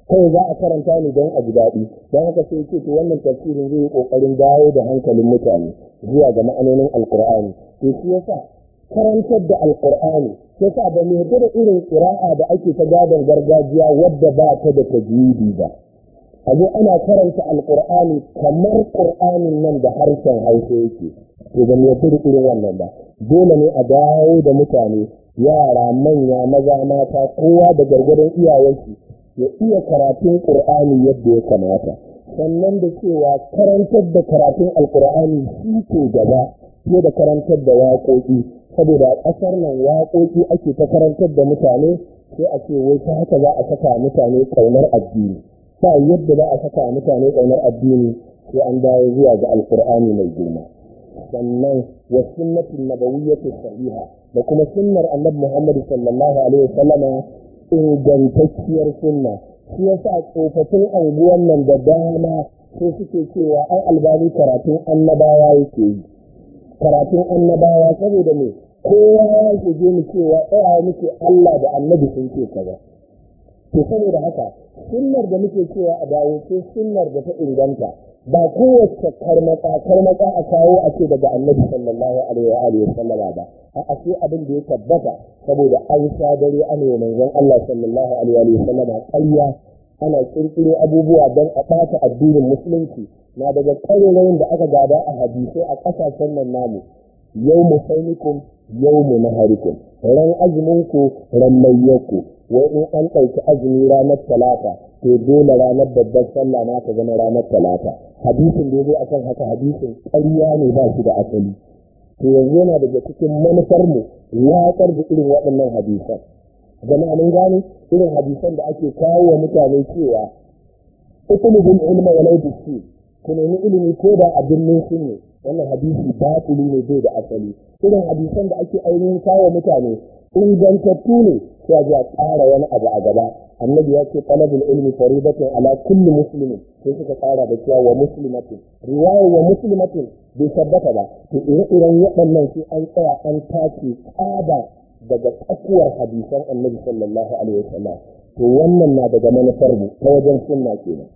kai za a karanta ni don a ji daɗi don haka sai ce to wannan tafsirin zai yi ƙoƙarin dawo da hankalin mutane zuwa ga ma'anonin alƙur'ani to shi yasa karantar da alƙur'ani sai sa ba mai da irin ƙira'a da ake ta gadon gargajiya wadda ba ta da tajwidi ba a zo ana karanta alƙur'ani kamar ƙur'anin nan da harshen hausa yake to ba mai da irin wannan ba dole ne a dawo da mutane yara manya maza mata kowa da gargadon iyayensu ya iya karatun ƙur'ani yadda ya kamata sannan da cewa karantar da karatun alƙur'ani shi ke gaba fiye da karantar da waƙoƙi saboda a ƙasar nan waƙoƙi ake ta karantar da mutane sai a ce wai ta haka za a saka mutane ƙaunar addini ba yadda za a saka mutane ƙaunar addini sai an dawo zuwa ga alƙur'ani mai girma sannan wa sunnatin nabawiyyatu sahiha da kuma sunnar annabi Muhammad sallallahu alaihi wasallama ingantacciyar sunna shi yasa tsofaffin anguwan nan da dama sai suke cewa ai albani karatun annabawa yake yi karatun annabawa saboda me kowa ya je mu cewa tsaya muke Allah da annabi sun ce kaza to saboda haka sunnar da muke cewa a dawo ce sunnar da ta inganta ba kowace karmaka karmaka a kawo a ce daga annabi sallallahu alaihi wa alihi sallama ba a ashe abin da ya tabbata saboda an sha dare an yi manzon Allah sallallahu alaihi wa alihi sallama ana kirkiro abubuwa don a ɓata addinin musulunci na daga ƙarurayin da aka gada a hadisai a ƙasashen nan namu yau mu sainikum yau mu na naharikum ran azumin ku ran mayyanku wai in an ɗauki azumi ranar talata to dole ranar babbar sallah na ta zama ranar talata hadisin da ya zo akan haka hadisin ƙarya ne ba su da asali to yanzu yana daga cikin manufarmu ya watsar da irin waɗannan hadisan jama'a mun gane irin hadisan da ake kawo wa mutane cewa ukulubul ilma wa su ku nemi ilimi ko da a nufin ne wannan hadisi batili ne bai da asali irin hadisan da ake ainihin kawo mutane ingantattu ne sai a ji a tsara wani abu a gaba annabi ya ce talabul ilmi faridatun ala kulli muslimin sai suka tsara da cewa wa muslimatin riwaya wa muslimatin bai tabbata ba to ire-iren waɗannan sai an tsaya an tace tsada daga tsakuwar hadisan annabi sallallahu alaihi wasallam to wannan na daga manufar mu ta wajen sunna kenan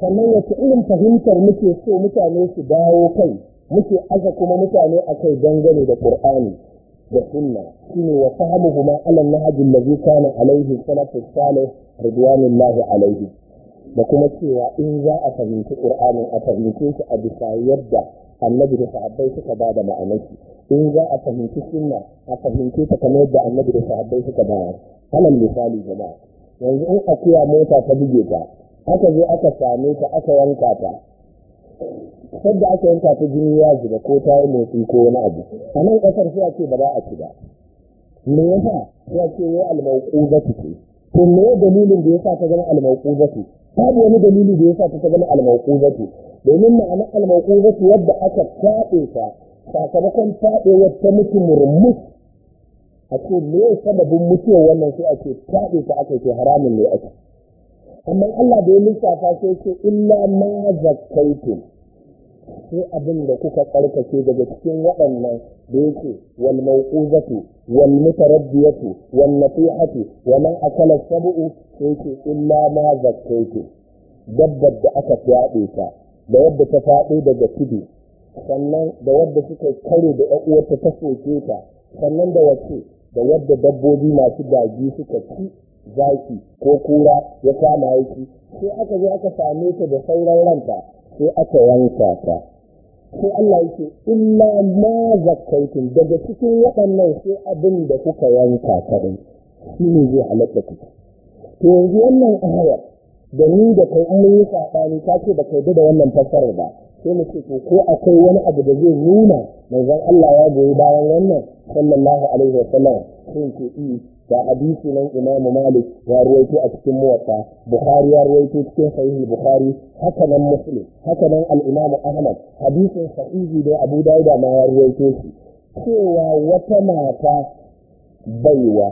sannan wace irin fahimtar muke so mutane su dawo kai muke aza kuma mutane a kai dangane da qur'ani da sunna shine wa fahimuhuma ala nahji allazi kana alaihi salatu salih ridwanullahi alaihi da kuma cewa in za a fahimci qur'anin a fahimce shi a bisa yadda annabi da sahabbai suka ba da ma'anarsa in za a fahimci sunna a fahimci ta kamar yadda annabi da sahabbai suka bayar alal misali gaba. yanzu in akuya mota ta buge ta aka zo aka same ta aka yanka ta sadda aka yanka ta jini ya zuba ko ta yi motsi ko wani abu a nan kasar sai a ba za a ci ba me yasa sai a ce za su ce to me dalilin da yasa ta zama almauku almauquzatu babu wani dalili da ya sa ta zama almauku su domin ma'anar almauku su yadda aka tabe ta sakamakon faɗewar ta mutu murmus a ce me sababin mutuwa wannan sai ake faɗe ta aka ce haramun ne aka amma Allah da ya lissafa sai ce illa ma zakkaitum sai abin da kuka tsarkake daga cikin waɗannan da yake wal mauquzatu wal mutaraddiyatu wal nasihatu wa man akala sab'u sai ce illa ma zakkaitu dabbar da aka fyaɗe ta da yadda ta faɗe daga tudu sannan da wadda suka kare da uwarta ta soke ta sannan da wacce da wadda dabbobi masu daji suka ci zaki ko kura ya kama yaki sai aka zo aka same ta da sauran ranta sai aka yanka ta sai Allah yake illa ma zakkaitun daga cikin waɗannan sai abin da kuka yanka kadai shi ne zai halatta ku to yanzu wannan ayar da ni da kai an yi saɓani ta ce ba kai da wannan fassarar ba sai mu ce to ko akwai wani abu da zai nuna manzon Allah ya goyi bayan wannan sallallahu alaihi wa sallam sun ce i hmm, da hadisi nan Imam Malik ya ruwaito a cikin Muwatta Bukhari ya ruwaito cikin Sahih Bukhari haka nan Muslim haka nan al-Imam Ahmad hadisin sahihi da Abu Dawud ma ya ruwaito shi cewa wata mata baiwa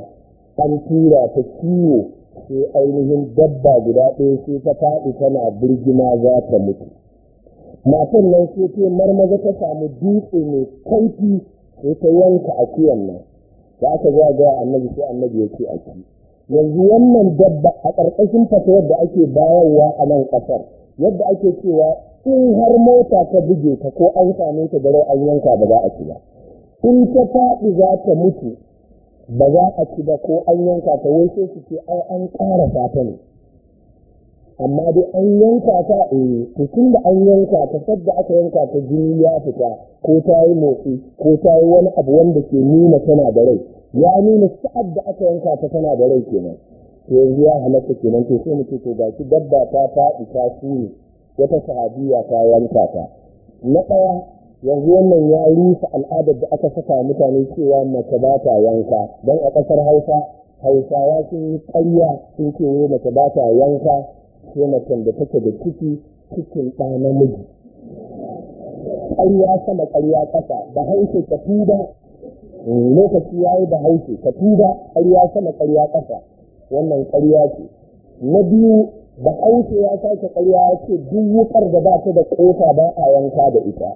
an tura ta kiwo sai ainihin dabba guda ɗaya sai ta faɗi tana birgima za ta mutu matan nan sai ce marmaza ta samu dutse mai kauki sai ta yanka akuyan nan da aka zuwa ga annabi sai annabi ya ce a ci yanzu wannan dabba a ƙarƙashin fata da ake bayarwa a nan ƙasar yadda ake cewa in har mota ta buge ta ko an same ta dare an yanka ba za a ci ba in ta faɗi za ta mutu ba za a ci ba ko an yanka ta wai sai su ce an ƙara fata ne amma dai an yanka ta eh to tun da an yanka ta sadda aka yanka ta jini ya fita ko ta yi motsi ko ta yi wani abu wanda ke nuna tana da rai ya nuna sa'ad da aka yanka ta tana da rai kenan to yanzu ya halatta kenan to sai mutum to baki dabba ta faɗi ta sune wata sahabiya ta yanka ta na ɗaya yanzu wannan ya rufe al'adar da aka saka mutane cewa mace ba ta yanka don a ƙasar hausa hausawa sun yi ƙarya sun ce mace ba ta yanka ce macen da take da ciki cikin ɗa namiji ƙarya sama ƙarya ƙasa da haushe ka tuba lokaci ya yi da haushe ka tuba ƙarya sama ƙarya ƙasa wannan ƙarya ce na biyu da haushe ya sake ƙarya ya ce duk wukar da ba ta da ƙofa ba a yanka da ita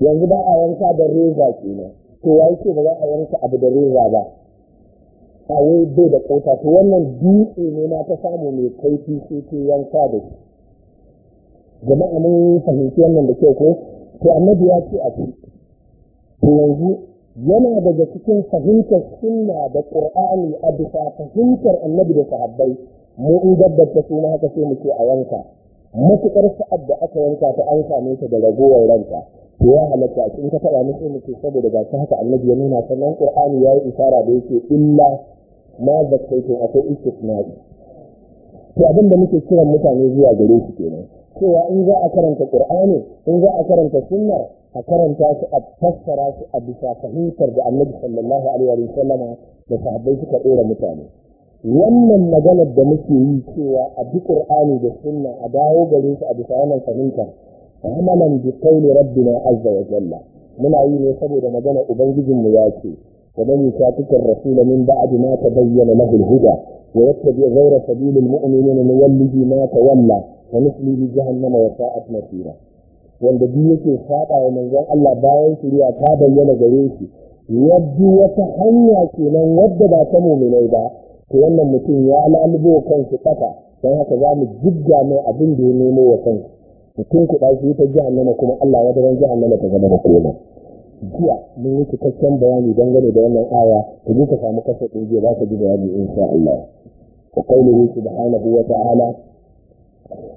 yanzu ba a yanka da reza kenan to ya ce ba za a yanka abu da reza ba a bai da kota to wannan dutse ne na ta samu mai kaifi su ke yanka da shi jama'a mun fahimci wannan da kyau ko to annabi ya ce a to yanzu yana daga cikin fahimtar sunna da qur'ani a bisa fahimtar annabi da sahabbai mu in gabbata su ma haka sai mu a yanka Matuƙar sa'ad da aka yanka ta an same ta da ragowar ranta to ya halatta cikin ka faɗa musu mutum saboda ba haka annabi ya nuna sannan qur'ani ya yi isara da yake illa ma to akwai istisnai to abin da muke kiran mutane zuwa gare shi kenan cewa in za a karanta qur'ani in za a karanta sunna a karanta su a fassara su a bisa fahimtar da annabi sallallahu alaihi wa sallama da sahabbai suka dora mutane wannan maganar da muke yi cewa a bi qur'ani da sunna a dawo gare su a bisa wannan fahimta amalan bi qawli rabbina azza wa jalla muna yi ne saboda maganar ubangijinmu ya ce ومن يشاكك الرسول من بعد ما تبين له الهدى ويتبع غير سبيل المؤمنين نوله ما تولى nama جهنم وساءت مصيرا wanda duk yake saba wa manzon Allah bayan shirya ta bayyana gare shi yadda wata hanya kenan wadda ba ta muminai ba to wannan mutum ya lalubo kansu kasa don haka za mu jibga mai abin da ya nemo wa kansu mutum kuɗa shi ta nama kuma Allah ya daren nama ta zama da komai jiya mun yi cikakken bayani dangane da wannan aya ta ji ka samu kasa ɗin jiya za ka ji bayani sha Allah wa qawluhu subhanahu wa ta'ala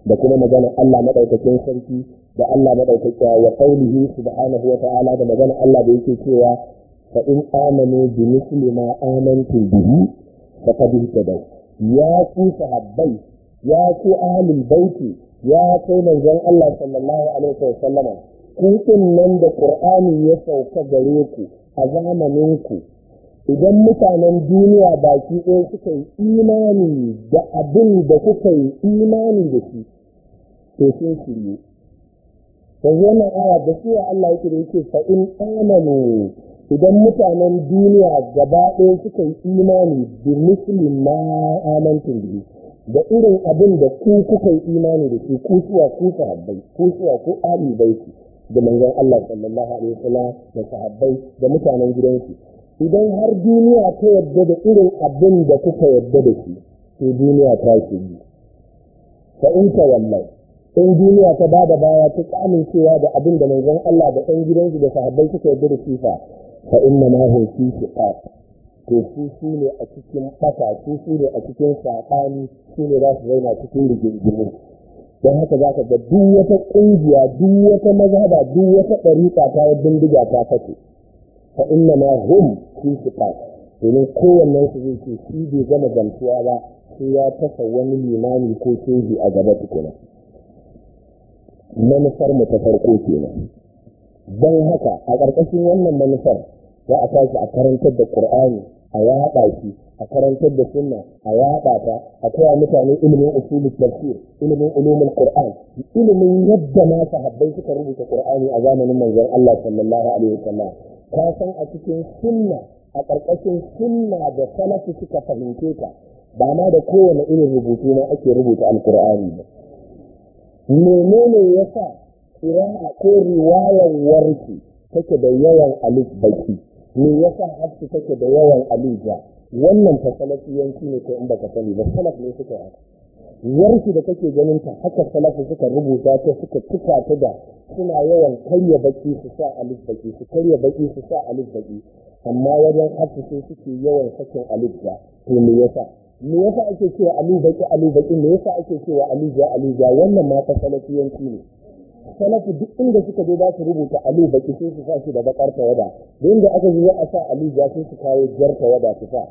da kuma magana Allah maɗaukakin sarki da Allah madaukakin wa qawluhu subhanahu wa ta'ala da magana Allah da yake cewa fa in amanu bi misli ma amantum bihi faqad ihtadaw ya ku sahabbai ya ku ahlul baiti ya kai manzon Allah sallallahu alaihi wa kuɗin nan da ƙur'ani ya sauka gare ku a zamaninku idan mutanen duniya baki ɗaya suka yi imani da abin da kuka yi imani da shi to sun shirye yanzu wannan aya da wa Allah yake da yake fa in amanu idan mutanen duniya gaba ɗaya suka yi imani da muslim na amantin biyu da irin abin da ku kuka yi imani da shi ku suwa ku sahabbai ku suwa ku ali baiti da manzon Allah sallallahu alaihi wasallam da sahabbai da mutanen gidansu idan har duniya ta yadda da irin abin da kuka yadda da shi to duniya ta ce yi. fa in ta wallahi in duniya ta bada baya ta amincewa da abin da manzon Allah da ɗan gidansu da sahabbai suka yadda da shi fa fa inna ma hum fi shiqaq to su su ne a cikin ɓata, su su ne a cikin saɓani, su ne za su zauna cikin rigingimu don haka za ka ga duk wata ƙungiya duk wata mazhaba duk wata ɗariƙa ta yi bindiga ta fashe ta inna ma hum su shiqaq domin kowannen su zai ce shi bai gama gamsuwa ba sai ya tasa wani limani ko shehi a gaba tukuna manufar mu ta farko kenan don haka a ƙarƙashin wannan manufar za a tashi a karantar da ƙur'ani a yaɗa shi a karantar da sunna a yaɗa ta a koya mutane ilimin usulul tafsir ilimin ulumul qur'an ilimin yadda ma sahabbai suka rubuta qur'ani a zamanin manzon Allah sallallahu alaihi wasallam ka san a cikin sunna a ƙarƙashin sunna da salafi suka fahimce ta ba ma da kowane irin rubutu na ake rubuta alkur'ani ba menene yasa a ko riwayar warki take da yawan alif baki me yasa hafsu take da yawan alija wannan fa ne ko in baka sani ba salaf ne suka yi yarki da kake ganin ta haka salafi suka rubuta ta suka tuka ta da suna yawan karya baki su sa alif baki su karya baki su sa alif baki amma wajen hafsu sai suke yawan sakin alif to me yasa me yasa ake cewa alu baki alu baki me yasa ake cewa alija alija wannan ma fa ne salafu duk inda suka je za su rubuta ali baki sai su sa shi da bakar tawada don da aka zuwa a sa ali ja sai su kawo jar tawada su sa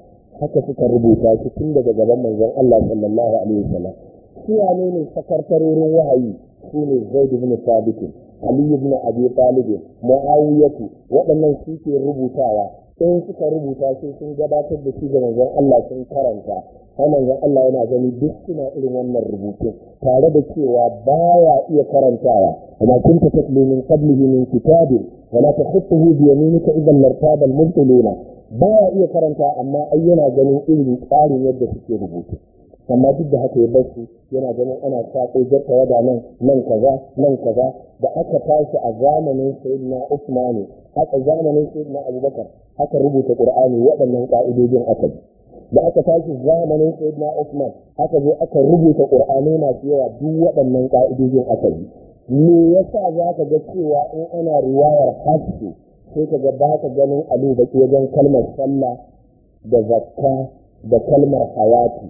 haka suka rubuta shi tun daga gaban manzon Allah sallallahu alaihi wasallam su ne ne sakartarorin wahayi su ne zaid ibn sabit ali ibn abi talib muawiyah waɗannan su ke rubutawa in suka rubuta shi sun gabatar da shi ga manzon Allah sun karanta sai manzon Allah yana gani duk suna irin wannan rubutu tare da cewa baya iya karantawa amma kun ta tatlu min qablihi min kitabi wa la tahutuhu bi yaminika idan martaba al baya iya karanta amma ai yana ganin irin tsarin yadda suke rubutu amma duk da haka ya barci yana ganin ana sako jarta wada nan nan kaza nan kaza da aka tashi a zamanin sayyidina Usman aka zamanin sayyidina Abubakar aka rubuta qur'ani waɗannan ka'idojin aka da aka tashi zamanin sayyidina Usman aka zo aka rubuta qur'ani masu yawa duk waɗannan ka'idojin aka yi me yasa za ka ga cewa in ana riwayar haske sai ka ga ba ka ganin alu baki wajen kalmar sallah da zakka da kalmar hayati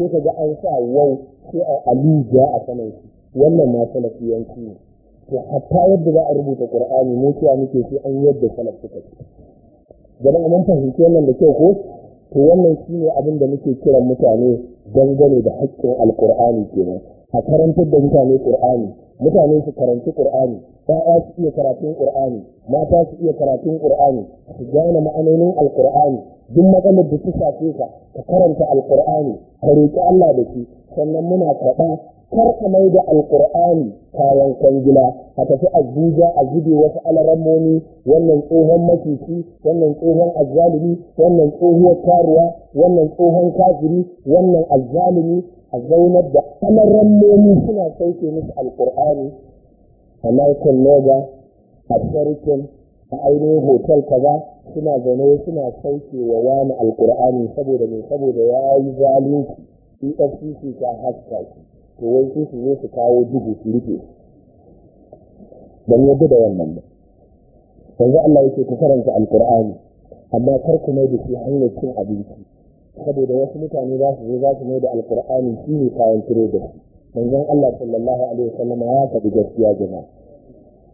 sai ka ga an sa wau sai a alu ja a saman shi wannan ma salafiyanci ne to hatta yadda za a rubuta qur'ani mu kiya muke sai an yadda salaf suka ce jama'a mun fahimci wannan da kyau ko to wannan shine abin da muke kiran mutane dangane da haƙƙin alqur'ani kenan a karantar da mutane qur'ani mutane su karanci qur'ani ɗaya su iya karatun qur'ani mata su iya karatun qur'ani su gane ma'anonin alqur'ani duk matsalar da ta shafe ka ka karanta alqur'ani ka roki Allah da shi sannan muna faɗa. kar ka mai da alkur'ani kayan kwangila a tafi abuja a zube wasu alarammomi wannan tsohon makisi wannan tsohon azzalumi wannan tsohuwar karuwa wannan tsohon kafiri wannan azzalumi a zaunar da alarammomi suna sauke musu alkur'ani a michael noga a sarkin a ainihin hotel kaza suna zaune suna sauke wa wani alkur'ani saboda mai saboda ya yi zalunci efcc ta haska shi to wai sun su zo su kawo duhu su rike ban yadda da wannan ba yanzu Allah yake ku karanta alkur'ani amma kar ku mai da shi hanyar cin abinci saboda wasu mutane za su zo za su mai da alkur'ani shi ne kayan tire da shi manzon Allah sallallahu alaihi wasallam ya tabi gaskiya jama'a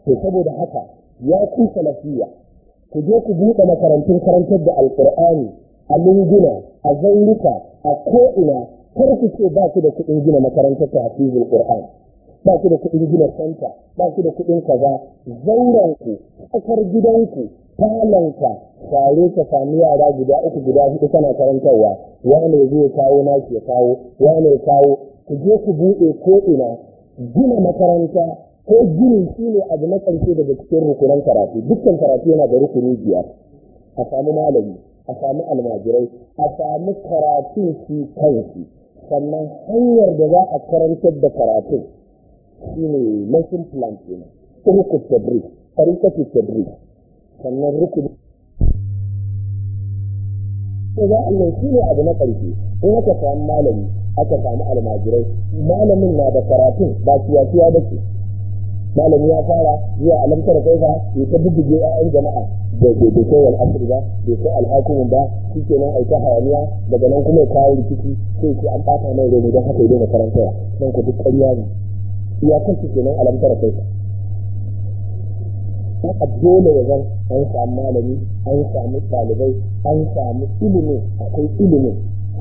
to saboda haka ya ku salafiya ku je ku buɗe makarantun karantar da alkur'ani a lunguna a zaurika a ko'ina kar ku ce ba ku da kuɗin gina makarantar tafizul qur'an ba ku da kuɗin gina santa ba ku da kuɗin kaza zauren ku tsakar gidanku talanka tare ka sami yara guda uku guda hudu kana karantarwa wane zai kawo na ke kawo wane kawo ku je ku buɗe ko ina gina makaranta ko ginin shi ne abu na ƙarshe daga cikin rukunan karatu dukkan karatu yana da rukuni biyar a sami malami a sami almajirai a sami karatun shi kansu sannan hanyar da za a karantar da karatu shi ne lesson plan ke nan turku tabri tarikatu tabri sannan rukuni ko za a yi shi ne abu na ƙarfi in aka samu malami aka samu almajirai malamin na da karatun ba ciyaciya ba ce malami ya fara zuwa alamtar kai fa ya ta bubbuge ƴaƴan jama'a da bai da kai al'amari ba da kai alhakimin ba shi ke nan aika hayaniya daga nan kuma ya kawo rikici sai ki an bata mai don haka ya daina ya nan ku duk ƙarya ne ya kansu ke nan alamtar kai fa ko a ya zan an samu malami an samu ɗalibai an samu ilimi akwai ilimin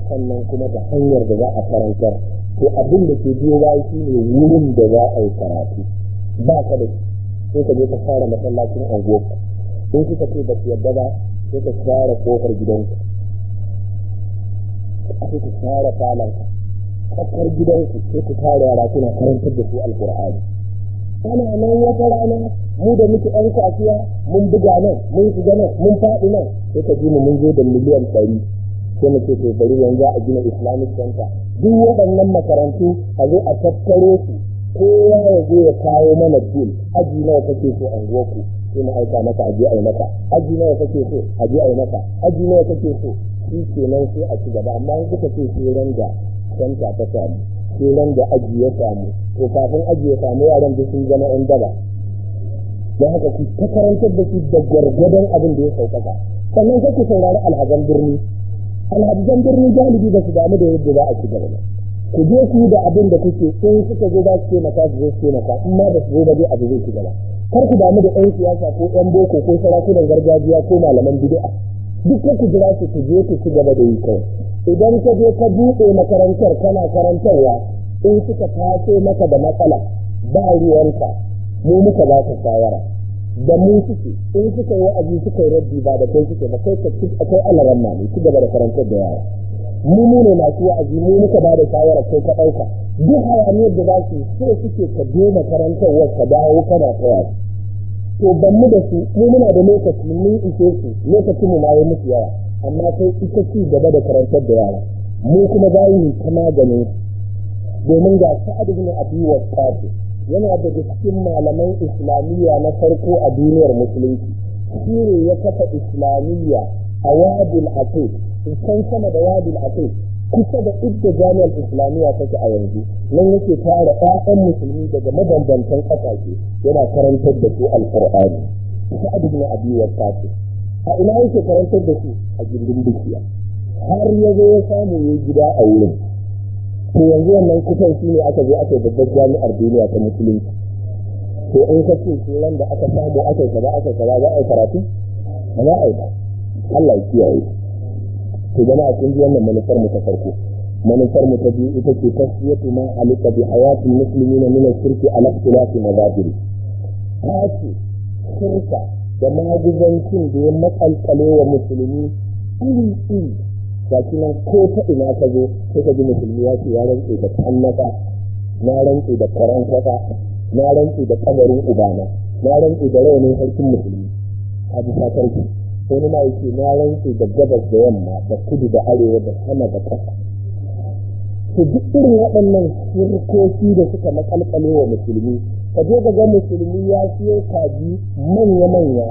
sannan kuma da hanyar da za a karantar to abin da ke biyo bayan shi ne wurin da za a yi karatu ba ka da sai ka je ka fara masallacin unguwarku in suka ce ba su yadda ba sai ka share kofar gidanku sai ka share falanka tsakar gidanku sai ku tara yara kuna karantar da su alkur'ani ana nan wata rana mu da muke ɗan kasuwa mun buga nan mun shiga nan mun faɗi nan sai ka ji mu mun zo da miliyan ɗari sai mu ce to bari yanzu a gina islamic center duk waɗannan makarantu a zo a tattaro su kowa ya zo ya kawo mana bil aji nawa kake so anguwarku sai na aika maka aji ai maka aji nawa kake so aji ai maka aji nawa kake so shi kenan sai a ci gaba amma in kuka ce sai da santa ta samu sai da aji ya samu to kafin aji ya samu yaran da sun zama yan daba don haka ku ta karantar da su da gwargwadon abin da ya saukaka sannan kake saurari alhazan birni alhazan birni galibi ba su damu da yadda za a ci gaba ba ku je ku da abin da kuke sun suka zo ba su taimaka su zo su taimaka in ma ba su zo ba dai abu zai ci gaba kar ku damu da ɗan siyasa ko ɗan boko ko sarakunan gargajiya ko malaman bid'a duk ku jira su ku je ku ci gaba da yi kai idan ka je ka buɗe makarantar kana karantarwa in suka taso maka da matsala ba ruwanka mu muka ba ka shawara da mu suke in suka yi wa'azi suka yi rabbi ba da kai suke ba kai ka ci akwai alaran ne ci gaba da karantar da yara mu mu ne masu wa'azi mu muka ba da shawara ko ka ɗauka duk hayaniyar da za su so suke ka doma karantarwar ka dawo kana taya to ban mu da su mu muna da lokaci mun ishe su lokacin mu ma ya musu yawa amma sai ita ci gaba da karantar da yawa. mu kuma za mu ta maganin domin ga sa'ad ibn abi waqqas yana daga cikin malaman islamiyya na farko a duniyar musulunci shi ne ya kafa islamiyya a wadul aqiq in kan sama da a kai, kusa da idda jami'ar islamiyya take a yanzu nan yake tara ɗan musulmi daga mabambantan ƙasashe yana karantar da su abu ne ibn abi tafi a ina yake karantar da su a gindin dukiya har ya zo ya samu ya gida a wurin to yanzu wannan kusan ne aka zo aka babbar jami'ar duniya ta musulunci to in ka ce ran da aka samu aka kaza aka kaza za a yi karatu ba za a yi ba Allah ya kiyaye to a kun ji wannan manufar mu ta farko manufar mu ta biyu ita ce tasfiyatu ma alika bi hayatin muslimin min shirki ala ikhtilafi mazabiri kace shirka da maguzancin da ya makalkale wa musulmi iri ga nan ko ta ina ka zo sai ka ji musulmi ya ce ya rantse da kannaka na rantse da karan na rantse da kabarin ubana na rantse da rawanin harkin musulmi a bisa sarki wani na yake na rantsu da gabas da yamma da kudu da arewa da sama da ƙasa Su duk irin waɗannan surkoki da suka makalkale wa musulmi ka je ga musulmi ya siyo kaji manya-manya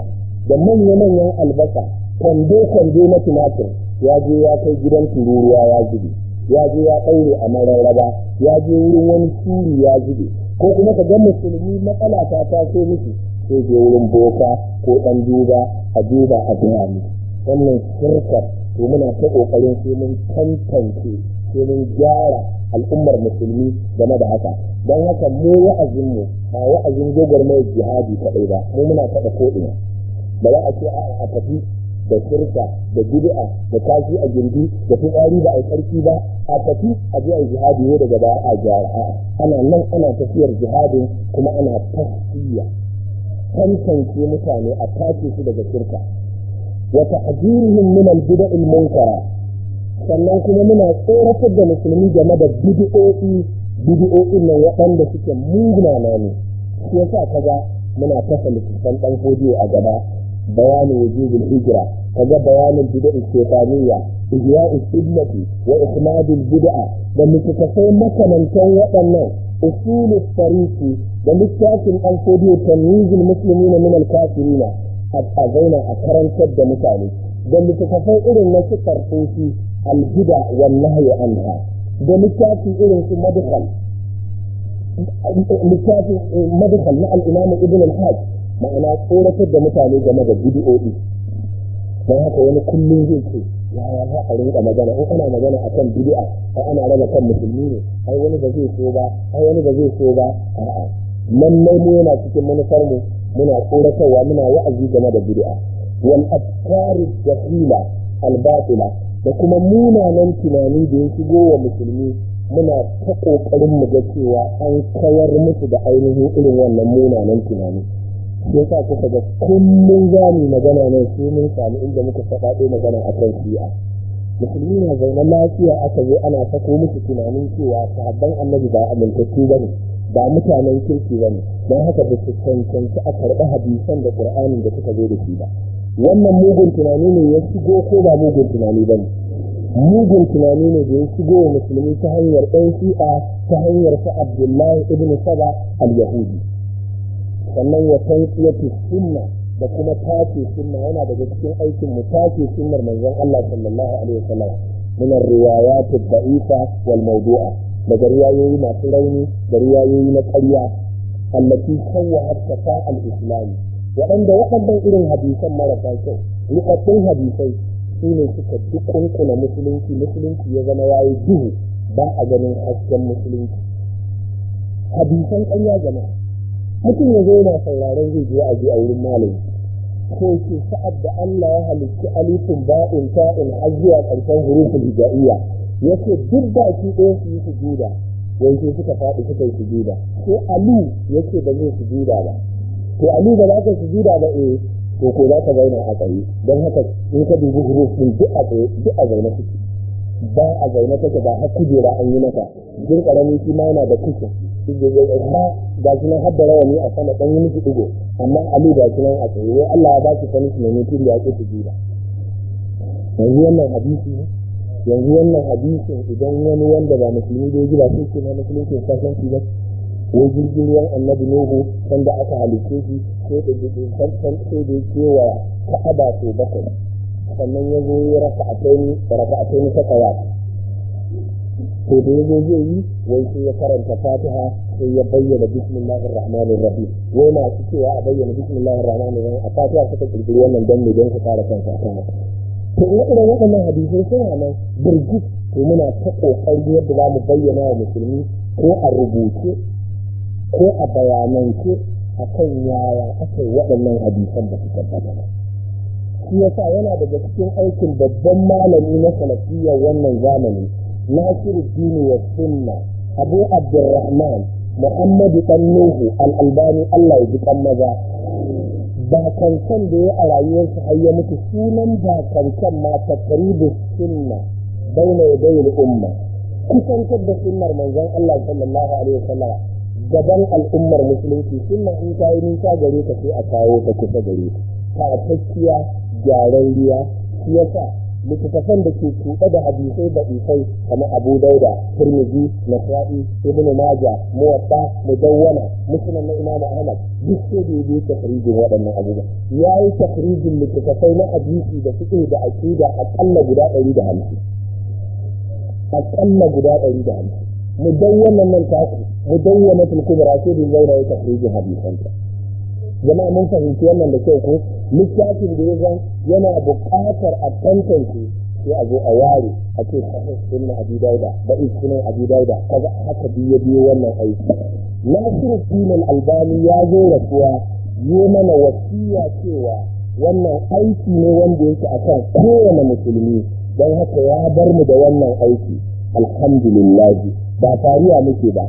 da manya-manyan albasa kwando-kwando na tumatir ya je ya kai gidan tururuwa ya zube ya je ya ɗaure a mararraba ya je wurin wani suri ya zube ko kuma ka ga musulmi matsala ta taso miki ko je wurin boka ko ɗan duba a duba a biya mu wannan shirka to muna ta ƙoƙarin sai mun tantance sai mun gyara al'ummar musulmi game da haka don haka mu wa'azinmu ba wa'azin mai jihadi kaɗai ba mu muna taɓa ko'ina ba za a ce a tafi da shirka da bid'a da kashi a gindi da fitsari ba a sarki ba a tafi a ji a jihadi ne daga baya a gyara ana nan ana tafiyar jihadin kuma ana tafiya tantance mutane a tace su daga shirka wa tahdirihim min al-bid'a al-munkara sannan kuma muna tsoratar da musulmi game da bid'o'i bid'o'in nan waɗanda suke na ne shi yasa kaga muna kafa littattafan ɗan fodiyo a gaba bayanin wujubul hijra kaga bayanin bid'a shaytaniyya ihya'u sunnati wa al bid'a da mutakasai makamantan waɗannan أصول الطريق للكاتب الفودي تمييز المسلمين من الكافرين حتى أزينا أكرم شد مثالي بل تكفي إذن نشكر فيه الهدى والنهي عنها ده لكاتب إذن في مدخل لكاتب مدخل مع الإمام ابن الحاج معنا tsoratar شد مثالي جمد da don haka wani kullum zai ce ya za a rinka magana in ana magana a kan bid'a ai ana raba kan musulmi ne ai wani ba zai so ba ai wani ba zai so ba a'a lallai mu yana cikin manufar mu muna tsoratarwa muna wa'azi game da bid'a wal afkar jahila al batila da kuma munanan tunani da ya shigo wa musulmi muna ta kokarin mu ga cewa an kawar musu da ainihin irin wannan munanan tunani Yasa sa kuka ga kullum za mu magana nan sai mun samu inda muka faɗaɗo magana a kan shi'a musulmi na zaune lafiya aka zo ana sako musu tunanin cewa sahabban annabi ba amintattu ba ne ba mutanen kirki ba ne don haka ba su cancanci a karɓi hadisan da ƙur'anin da suka zo da shi ba wannan mugun tunani ne ya shigo ko ba mugun tunani ba ne mugun tunani ne da ya shigo wa musulmi ta hanyar ɗan shi'a ta hanyar sa abdullahi ibn saba al-yahudi sannan ya tanqiyatu sunna da kuma tace sunna yana daga cikin aikin mu tace sunnar manzon Allah sallallahu alaihi wasallam min ar-riwayat ad-da'ifa wal mawdu'a daga riwayoyi masu rauni da riwayoyi na ƙarya allati sawwa'at safa al-islam waɗanda waɗannan irin hadisan marasa kyau rukattun hadisai su ne suka dukunkuna musulunci musulunci ya zama yayi duhu ba a ganin hasken musulunci hadisan ƙarya jama'a mutum ya zo sauraron zai je a je a wurin malami ko ke sa'ad da Allah ya halicci alifin ba'in ta'in har zuwa su hurufin ya ce duk da shi ɗaya su yi sujuda yanzu suka faɗi suka yi sujuda ko alu ce ba zai sujuda ba to alu ba za ka sujuda ba eh to ko za ka zauna a tsaye don haka in ka dubi hurufin duk a tsaye duk a zaune suke ba a zaune take ba har kujera an yi maka jin ƙaramin shi ma yana da kusa. duk da amma ga shi nan haddara wani a sama ɗan yi amma ali ga shi nan a tsaye Allah ya ba shi kanisi ne ya yanzu wannan hadisi ne yanzu wannan idan wani wanda ba musulmi da ya ji ba sai ce na musulunci kasan shi ba ko jirgin ruwan annabi nuhu sanda aka halice shi ko da jirgin kankan sai da ya kewa bakwai sannan ya zo ya a kai ni da a kai ni ta kawai sai da yazo zai yi wai sai ya karanta fatiha sai ya bayyana bismillahir rahmanir rahim wai na su cewa a bayyana bismillahir rahmanir rahim a fatiha suka kirkiri wannan dan ne don su fara kansa a kan to da waɗannan hadisai suna nan burgi to muna ta kokari yadda za mu bayyana wa musulmi ko a rubuce ko a bayanance a kan yaya aka waɗannan hadisan da su tabbata shi yasa yana daga cikin aikin babban malami na salafiyar wannan zamani nasiru dini wa sunna abu abdurrahman muhammadu dan nuhu al allah ya ji kan maza ba da ya a rayuwarsa har ya mutu sunan ba kankan ma taqribu sunna baina ya al-umma kusantar da sunnar manzon allah sallallahu alaihi wasallam gaban al'ummar musulunci sunna in ka yi nisa gare ka sai a kawo ta kusa gare ta ta gyaren riya shi yasa littattafan da ke kuɗe da hadisai da isai kamar abu dauda turmiji nasra'i ibnu maja muwatta mudawwana muslim na imam ahmad duk sai da yake tafrijin waɗannan abubuwa yayi tafrijin littattafai na hadisi da fiqh da aqida akalla guda 150 akalla guda 150 mudawwana nan ta ku mudawwana tul kubra sai da zaina ya tafrijin hadisan ta Zama mun fahimci wannan da kyau ko littafin da ya yana buƙatar a tantance sai a zo a ware a ce sahih sunna abi dauda da sunan abi dauda kaga haka biyo biyo wannan aiki nasiru sunan albani ya zo rasuwa yi mana wasiya cewa wannan aiki ne wanda yake a kan kowane musulmi don haka ya bar mu da wannan aiki alhamdulillah ba tariya muke ba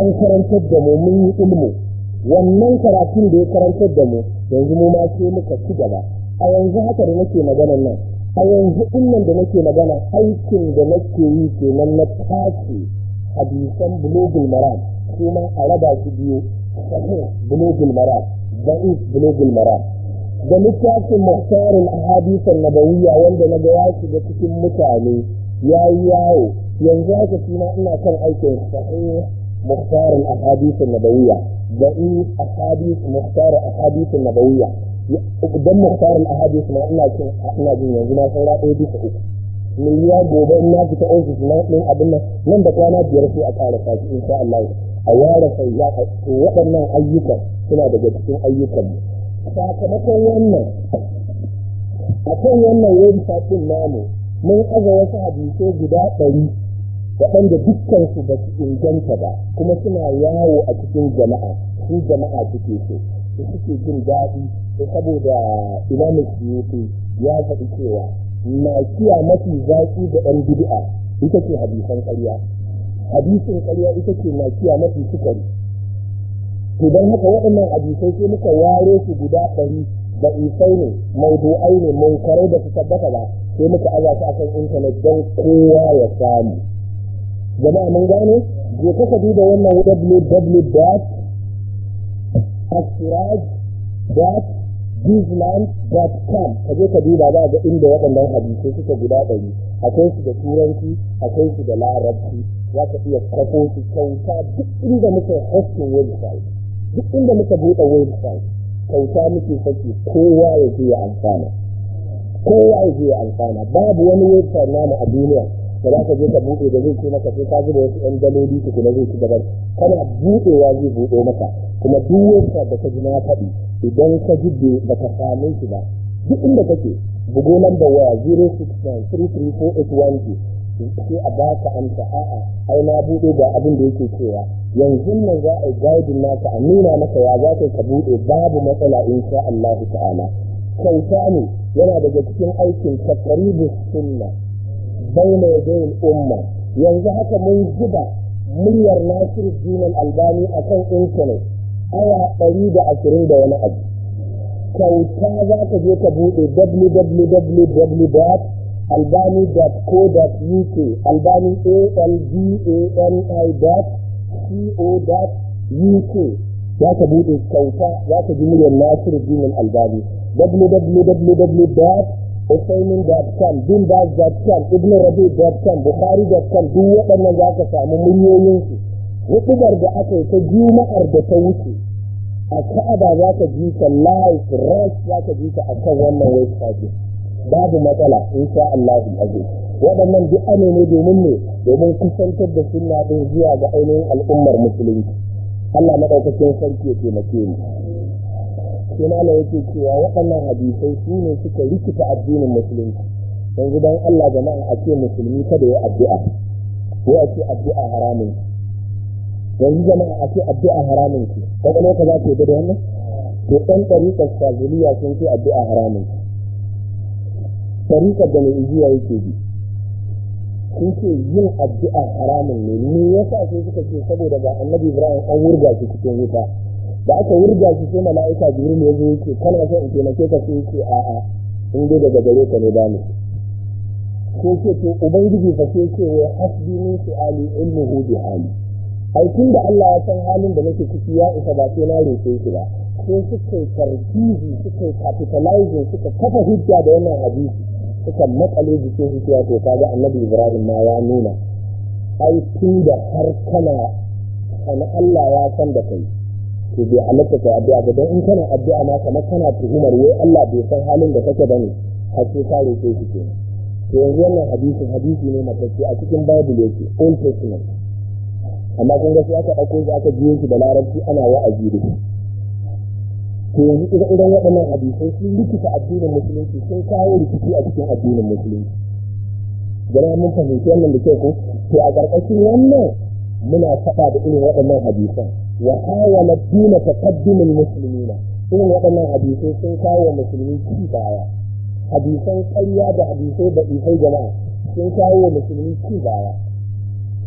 an karantar da mu mun yi ilmu wannan karatun da ya karantar da mu yanzu mu ma sai muka ci gaba a yanzu haka da nake magana nan a yanzu innan da nake magana aikin da nake yi kenan na tace hadisan bulogul maram kuma a raba su biyu sahih bulogul maram da'if bulogul maram da littafin hadisan ahadisan nabawiyya wanda na ga ya shiga cikin mutane ya yi yawo yanzu haka shi ina kan aikin sahih مختار الأحاديث النبوية ضعيف أحاديث مختار الأحاديث النبوية dan muktarin ahadis ina jin yanzu na saura ɗaya bisa uku miliya gobe in na fita ofis na ɗin abin nan nan da kwana biyar sai a ƙara saki insha Allah a yara waɗannan ayyukan suna daga cikin ayyukan sakamakon wannan kan wannan website ɗin namu mun aza wasu hadisai guda ɗari waɗanda dukkansu ba su inganta ba kuma suna yawo a cikin jama'a su jama'a suke so su suke jin daɗi saboda imamu suyuti ya faɗi cewa nakiya mafi zaƙi da ɗan bid'a ita ce hadisan ƙarya hadisin ƙarya ita ce kiya mafi sukari to don haka waɗannan hadisai sai muka ware su guda ɗari da isai ne maudu'ai ne munkarai da su tabbata ba sai muka aza su akan intanet don kowa ya samu jama'a mun gane je kasa duba wannan www.asiraj.disland.com ka je ka duba za ga inda waɗannan hadisai suka guda ɗari kai su da turanci a kai su da larabci za ka iya kafo su kyauta duk inda muka hosting website duk inda muka buɗe website kyauta muke saki kowa ya je ya amfana kowa ya je ya amfana babu wani website namu a duniya da za ka je ka buɗe da zai ce maka sai ka zuba wasu 'yan daloli su kuma zai ci gaban kana buɗewa zai buɗe maka kuma duk wanda da ka ji na faɗi idan ka ji da ka same shi ba duk inda kake bugo lamba waya 06933481 sai a baka amsa a'a ai na buɗe ga abin da yake cewa yanzu nan za a yi guiding naka a nuna maka ya za ka buɗe babu matsala insha Allah ta'ala kyauta ne yana daga cikin aikin takaribus sunna baina zai umma yanzu haka mun zuba muryar nasiru dinan albani a kan intanet awa ɗari da ashirin da wani abu kyauta za ka je ka buɗe www.albani.co.uk albani .k za ka buɗe kyauta za ka ji muryar nasiru dinan albani www.albani.co.uk Usaimin.com, Bimbaz.com, Ibn Rabi.com, Bukhari.com duk waɗannan za ka samu muryoyinsu. hudubar da aka yi ta juma'ar da ta wuce, a ka'aba za ka ji ta live rush za ka ji ta a kan wannan website. Babu matsala, insha Allah aje. Waɗannan duk ane ne domin ne domin kusantar da sunna din zuwa ga ainihin al'ummar musulunci. Allah maɗaukakin sarki ya taimake mu. sai mala yake cewa waɗannan hadisai su ne suka rikita addinin musulunci yanzu don Allah jama'a a ce musulmi kada ya addu'a ko a ce addu'a haramun yanzu jama'a a ce addu'a haramun ki kaga ne ka za ka yi da wannan to ɗan ɗariƙar shaziliya sun ce addu'a haramun ki ɗariƙar da mai igiya yake bi sun ce yin addu'a haramun ne ya yasa sai suka ce saboda ga annabi Ibrahim an wurga shi cikin wuta da aka wurga shi sai mala'ika jibril ya zo yake kana son in taimake ka sai yake a'a in dai daga gare ka ne dani ko ce to ubangiji fa sai ce wa hasbi min su'ali ilmuhu bi hali ai tun da Allah ya san halin da nake ciki ya isa ba sai na roƙe shi ba sai suka tarkizi suka capitalizing suka kafa hujja da wannan hadisi suka matsale jikin ya to kaga annabi Ibrahim ma ya nuna ai tun da har kana kana Allah ya san da kai to bai halatta ka addu'a ba don in kana addu'a ma kamar kana tuhumar wai Allah bai san halin da kake bane har sai ka roƙe shi ke to yanzu wannan hadisi hadisi ne matacce a cikin bible yake old testament amma kun ga shi aka ɗauko shi aka biyo shi da larabci ana wa'azi da shi to yanzu idan iren waɗannan hadisai sun rikita addinin musulunci sun kawo rikici a cikin addinin musulunci jama'a mun fahimci wannan da kyau ko to a ƙarƙashin wannan muna faɗa da irin waɗannan hadisan wa awala duna taqaddumul muslimina irin waɗannan hadisai sun kawo wa musulmi ci baya hadisan ƙarya da hadisai da da nan sun kawo wa musulmi ci baya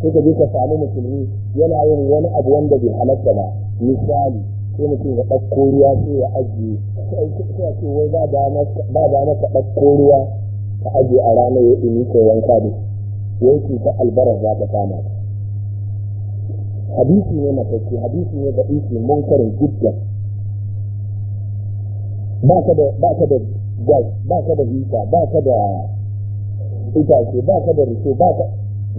sai ka je ka samu musulmi yana yin wani abu wanda bai halatta ba misali sai mutum ya ɗauko ruwa sai ya ajiye sai ya ce wai ba da ba na maka ɗauko ruwa ka ajiye a ranar ya ɗumi ko wanka da yanki ta albara za ka kama ta hadisi ne matacce hadisi ne da isi munkarin jiddan ba ka da ba ka da gas ba ka da visa ba ka da itace ba ka da rike ba ka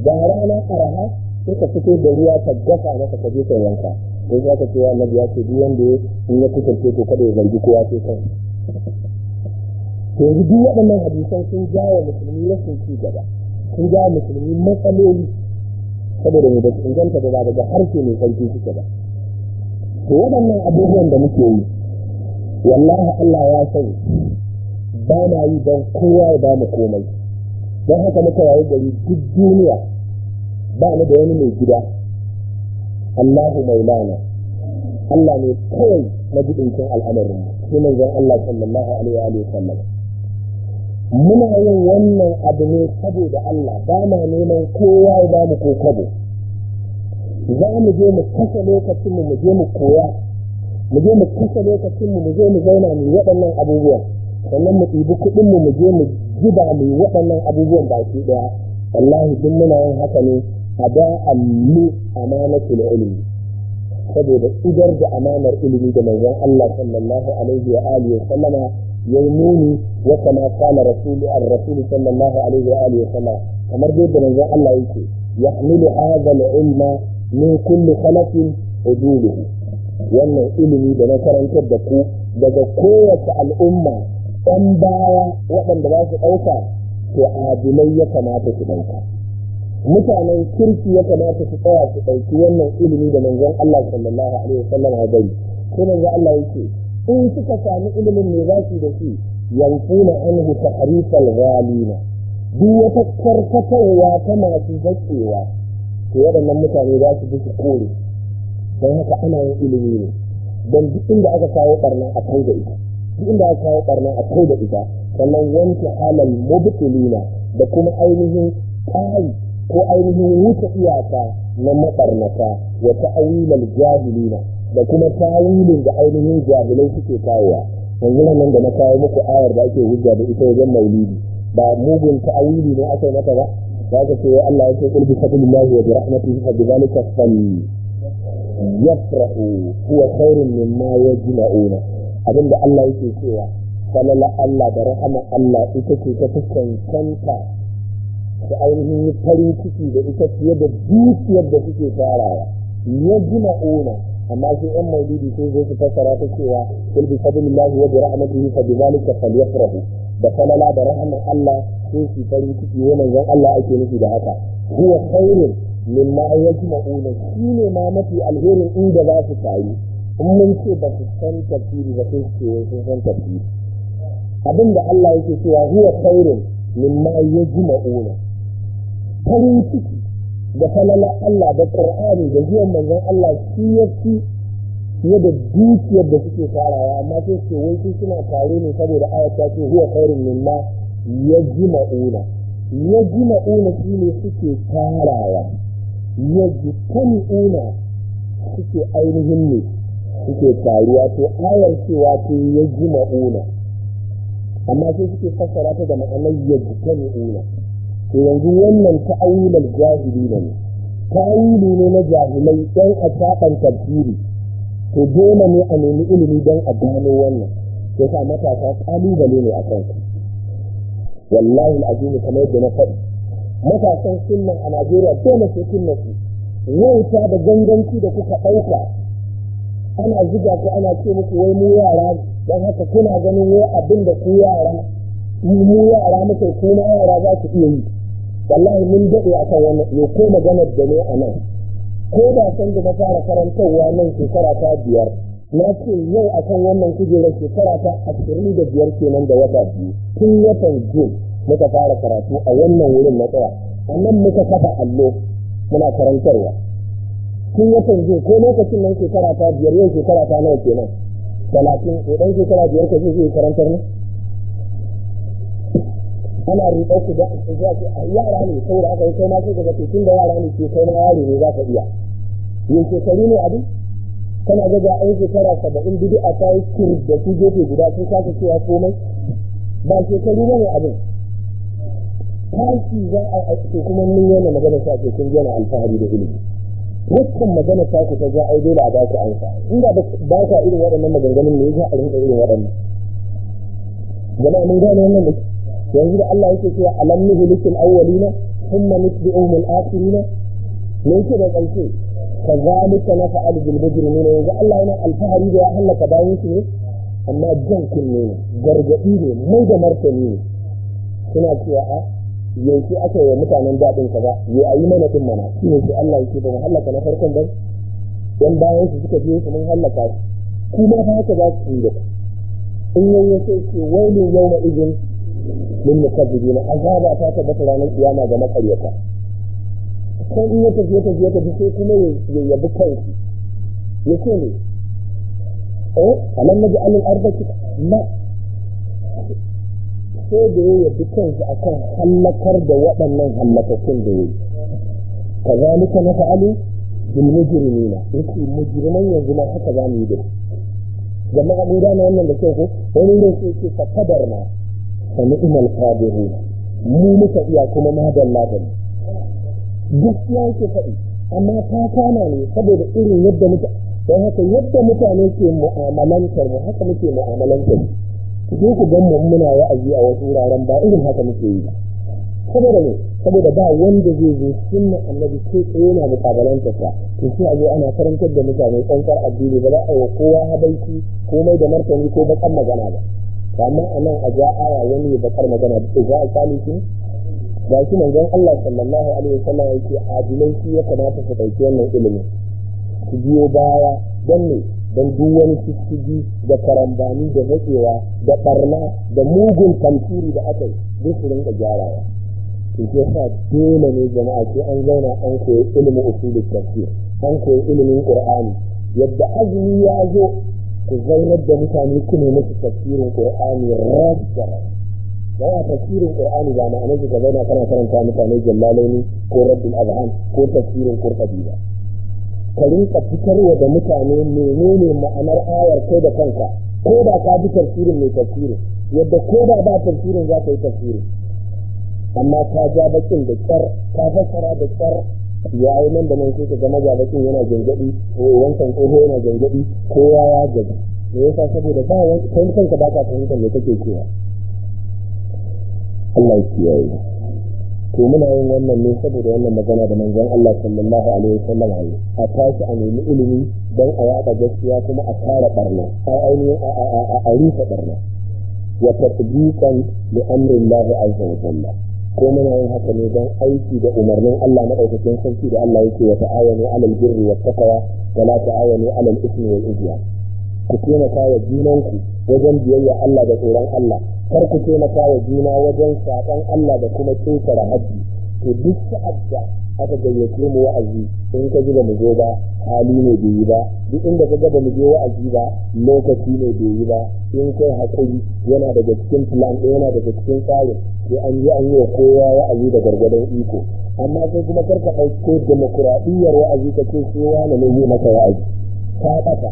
da rana araha sai ka fito da ruwa ka gasa maka ka je ka yanka sai za ka ce wa annabi ya ce duk wanda ya kusance to kada ya zargi kowa sai kan to yanzu duk waɗannan hadisan sun jawo musulmi rashin ci gaba sun jawo musulmi matsaloli saboda mai da su inganta da ba daga harshe mai sarki suke ba to waɗannan abubuwan da muke yi wallahi Allah ya sani ba na yi don kowa ya ba mu komai don haka muka yayi gari duk duniya ba ni da wani mai gida Allahu maulana Allah ne kawai na majidincin al'amarin mu shi manzon Allah sallallahu alaihi wa sallam muna yin wannan abu ne saboda Allah ba ma neman kowa ya ba mu ko kabo za mu je mu kasa lokacin mu je mu koya mu je mu kasa lokacin mu je mu zauna mu waɗannan abubuwa sannan mu ɗibi kuɗin mu mu je mu zuba mu waɗannan abubuwan baki ɗaya wallahi duk muna yin haka ne a da allu amanatul ilimi, saboda idar da amanar ilimi da manzon Allah sallallahu alaihi wa alihi sallama yayi wa kama qala rasulu ar-rasul sallallahu alaihi wa alihi wasallam kamar yadda manzon Allah yake yahmilu hadha al-ilma min kulli khalaqin uduluhu wannan ilimi da na karantar da ku daga kowace al'umma ɗan baya waɗanda za su ɗauka to adilai ya kamata su ɗauka mutanen kirki ya kamata su tsaya su ɗauki wannan ilimi da manzon Allah sallallahu alaihi wasallam ya bari sai in suka sami ilimin ne za su da shi an anhu tahrifal ghalina duk wata karkatarwa ta masu zakewa to waɗannan mutane za su bi su kore don haka ana yin ilimi ne don duk inda aka kawo barna a kai da ita duk inda aka kawo barna a kai da ita sannan wanke halal mubtilina da kuma ainihin kai ko ainihin wuce iyaka na mabarnata wa ta'awilal jahilina da kuma tawilin da ainihin jami'ai suke kawowa yanzu nan da na kawo muku ayar da ake hujja da ita wajen maulidi ba mugun ta'awili ne aka yi mata ba za ka ce wa Allah ya ce kulbi fadlillahi wa bi fa dhalika fal yafrahu huwa khairun mimma yajma'una abinda Allah yake cewa falala Allah da rahama Allah ita ce ta fi cancanta da ainihin farin ciki da ita fiye da dukiyar da suke farawa yajma'una amma shi yan maulidi sun zo su fassara ta cewa kul bi fadlillahi wa bi rahmatihi fa bi zalika falyafrahu da falala da rahmar Allah sun su farin ciki ne manzon Allah ake nufi da haka huwa khairun mimma Shi ne ma mafi alherin inda za su tayi in mun ce ba su san tafsiri ba sai su sun san tafsiri abinda Allah yake cewa huwa khairun mimma yajma'una farin ciki da falalar Allah da ƙar'ani da zuwan manzon Allah shi ya fi fiye da dukiyar da suke tarawa amma sai su wai su suna tare ne saboda ayat ta ce huwa khairun ya ji ma'una shi ne suke tarawa yajma'una suke ainihin ne suke taruwa to ayar cewa ji ma'una amma sai suke fassara ta da ma'anar yajma'una to yanzu wannan ta'awilar jahili ne ta'awili ne na jahilai dan a saban tafsiri to dole ne a nemi ilimi dan a gano wannan sai sa matasa ƙalubale ne a kanku wallahi alazim kamar yadda na faɗi matasan sunan a Najeriya dole sai sunan su wauta da ganganci da kuka ɗauka ana ziga ku ana ce muku wai mu yara don haka kuna ganin wai abin da ku yara mu yara muke kuma yara za su iya yi wallahi mun daɗe a kan ya ko maganar da ne a nan ko da san da na fara karantarwa nan shekara ta biyar na ce yau a kan wannan kujerar shekara ta ashirin da biyar kenan da wata biyu tun watan jun muka fara karatu a wannan wurin na tsaya a nan muka kafa allo muna karantarwa tun watan jun ko lokacin nan shekara ta biyar yau shekara ta nawa kenan talatin ko ɗan shekara biyar ka zai karantar ne ana riƙar ku da su zuwa ce a yara ne saboda aka yi kai ma sai daga tun da yara ne ke kai ma yare ne za ka iya yin shekaru ne abin kana ga ga an shekara saba'in dubu a ta yi kur da su gefe guda sun kasa cewa komai ba shekaru ne abin tashi za a aiki kuma mun yana magana sa ke kun yana alfahari da ilimi dukkan magana sa ku ta ja yi dole a ba ku sa inda ba ka irin waɗannan maganganun ne za a rinka irin waɗannan jama'a mun gane wannan da yanzu da Allah yake cewa alam nuhlikil awwalina thumma nutbi'uhum al-akhirina me yake da ƙarshe kazalika nafa'al bil mujrimin yanzu Allah yana alfahari da ya halaka bayan su ne amma jan kunne ne gargadi ne mai da martani ne suna cewa a yanzu aka yi mutanen daɗin ka ba yi a yi mana tun mana shi ne ce Allah yake ba mu halaka na farkon ba yan bayan su suka je su mun halaka su kuma fa haka za su yi da in yayyace ce ne yawma idin min mukazzibin azaba ta tabbata ranar kiyama ga makaryata sai in yata je ta je ta tafi sai kuma ya yabi kansu ya ce ne eh alam naji alil arzaki na sai da ya yabi kansu akan hallakar da waɗannan hallakakun da ya yi zalika na fa'alu bil mujrimina yake mujriman yanzu ma haka za mu yi da jama'a mun gane wannan da kyau ko wani ne sai ce fa kadarna fa ni'mal qadirun mu muka iya kuma madalla da gaskiya yake faɗi amma ta kama ne saboda irin yadda muka yadda mutane ke mu'amalantar mu haka muke mu'amalantar mu ku je ku gan mu muna wa'azi a wasu wuraren ba irin haka muke yi saboda ne saboda ba wanda zai zo sunna annabi ko tsaye na mukabalanta sa to a zo ana karantar da mutane tsantsar addini ba za a yi kowa habaiki komai da martani ko bakan magana ba amma a nan a ja aya wani ya bakar magana da ke za a sami shi ga shi manzon Allah sallallahu alaihi wasallam yake adilai shi ya kamata su ɗauki wannan ilimin su biyo baya don ne don duk wani cikin da karambani da matsewa da ɓarna da mugun tamfiri da aka yi duk su rinka gyarawa to ke sa dole ne jama'a ce an zauna an koyi ilimin usulul tafsir an koyi ilimin qur'ani yadda azumi ya zo ku zaunar da mutane ku ne musu tafsirin qur'ani rajjara Ba a tafsirin ƙur'ani ba ma'anar ka zauna kana karanta mutane jallalaini ko rabbul azhan ko tafsirin qur'ani ba ka rinka fitarwa da mutane menene ma'anar ayar kai da kanka ko ba ka bi tafsirin mai tafsirin yadda ko ba ba tafsirin za ka yi tafsirin amma ka ja bakin da kyar ka fassara da kyar ya yi nan da nan sai ka ga majalakin yana gangaɗi ko wancan tsoho yana gangaɗi kowa ya gaji me yasa saboda ba wani kan kanka ba ka fahimtar me kake cewa Allah ya kiyaye to muna yin wannan ne saboda wannan magana da manzon Allah sallallahu alaihi wasallam ayi a tashi a nemi ilimi don a yada gaskiya kuma a kare barna a ainihin a rufe barna wa tatbiqan li amri Allah azza wa jalla ko muna yin haka ne don aiki da umarnin Allah madaukakin sarki da Allah yake wa ta'awanu alal birri wa taqwa wa la ta'awanu alal ismi wal ku taimaka wa junanku wajen biyayya Allah da tsoron Allah kar ku taimaka wa juna wajen saɓan Allah da kuma tsinkara hajji. to duk sa'ad aka gayyace mu wa'azi in ka ji ba mu zo ba hali ne bai yi ba duk inda ka ga ba mu je wa'azi ba lokaci ne bai yi ba in kai hakuri yana daga cikin plan ɗaya yana daga cikin tsarin sai an yi an yi wa kowa wa'azi da gargadon iko amma sai kuma karka ɗauko demokuraɗiyyar wa'azi ka ce sai wani ne yi maka wa'azi ka ɓata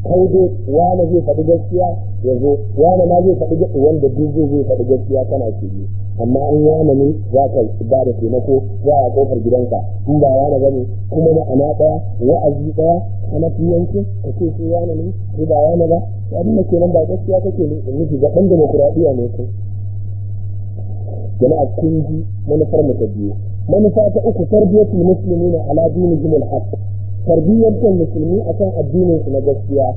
kai dai wani zai faɗi gaskiya ya zo wani ma zai faɗi gaskiya wanda duk zai faɗi gaskiya kana shiri amma an yana ne za ka ba da taimako za a kofar gidanka in ba ba ne kuma ana ɗaya wa'azi ɗaya mafi yanki ka ce sai yana ne ko ba yana ba abin da kenan ba gaskiya kake nufi ga ɗan demokuraɗiyya ne ko jama'a kun ji manufar mu ta biyu manufa ta uku tarbiyatul muslimina ala dinihim al-haqq tarbiyyantar musulmi akan addinin su na gaskiya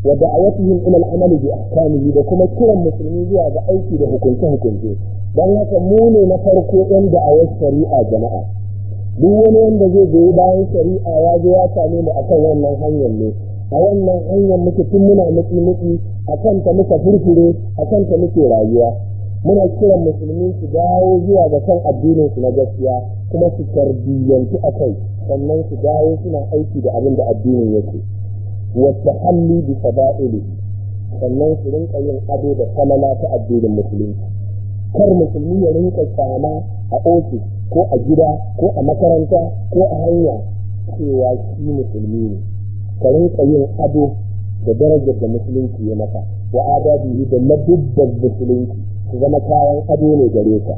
a da'awatihim yin al-amali bi ahkamihi da kuma kiran musulmi zuwa ga aiki da hukunce hukunce dan haka mu ne na farko yan da'awar shari'a jama'a duk wani wanda zai goyi bayan shari'a ya zo ya same mu akan wannan hanyar ne a wannan hanyar muke tun muna mutsi mutsi a kanta muka furfure a kanta muke rayuwa muna kiran musulmi su dawo zuwa ga kan addinin su na gaskiya kuma su tarbiyyantu a kai sannan su dawo suna aiki da abin da addinin yake wata halli bi saba'ilihi sannan su rinka yin ado da falala ta addinin musulunci kar musulmi ya rinka sama a ofis ko a gida ko a makaranta ko a hanya cewa shi musulmi ne ka rinka yin ado da darajar da musulunci ya maka wa biyu da ladubbar musulunci su zama kayan ado ne gare ka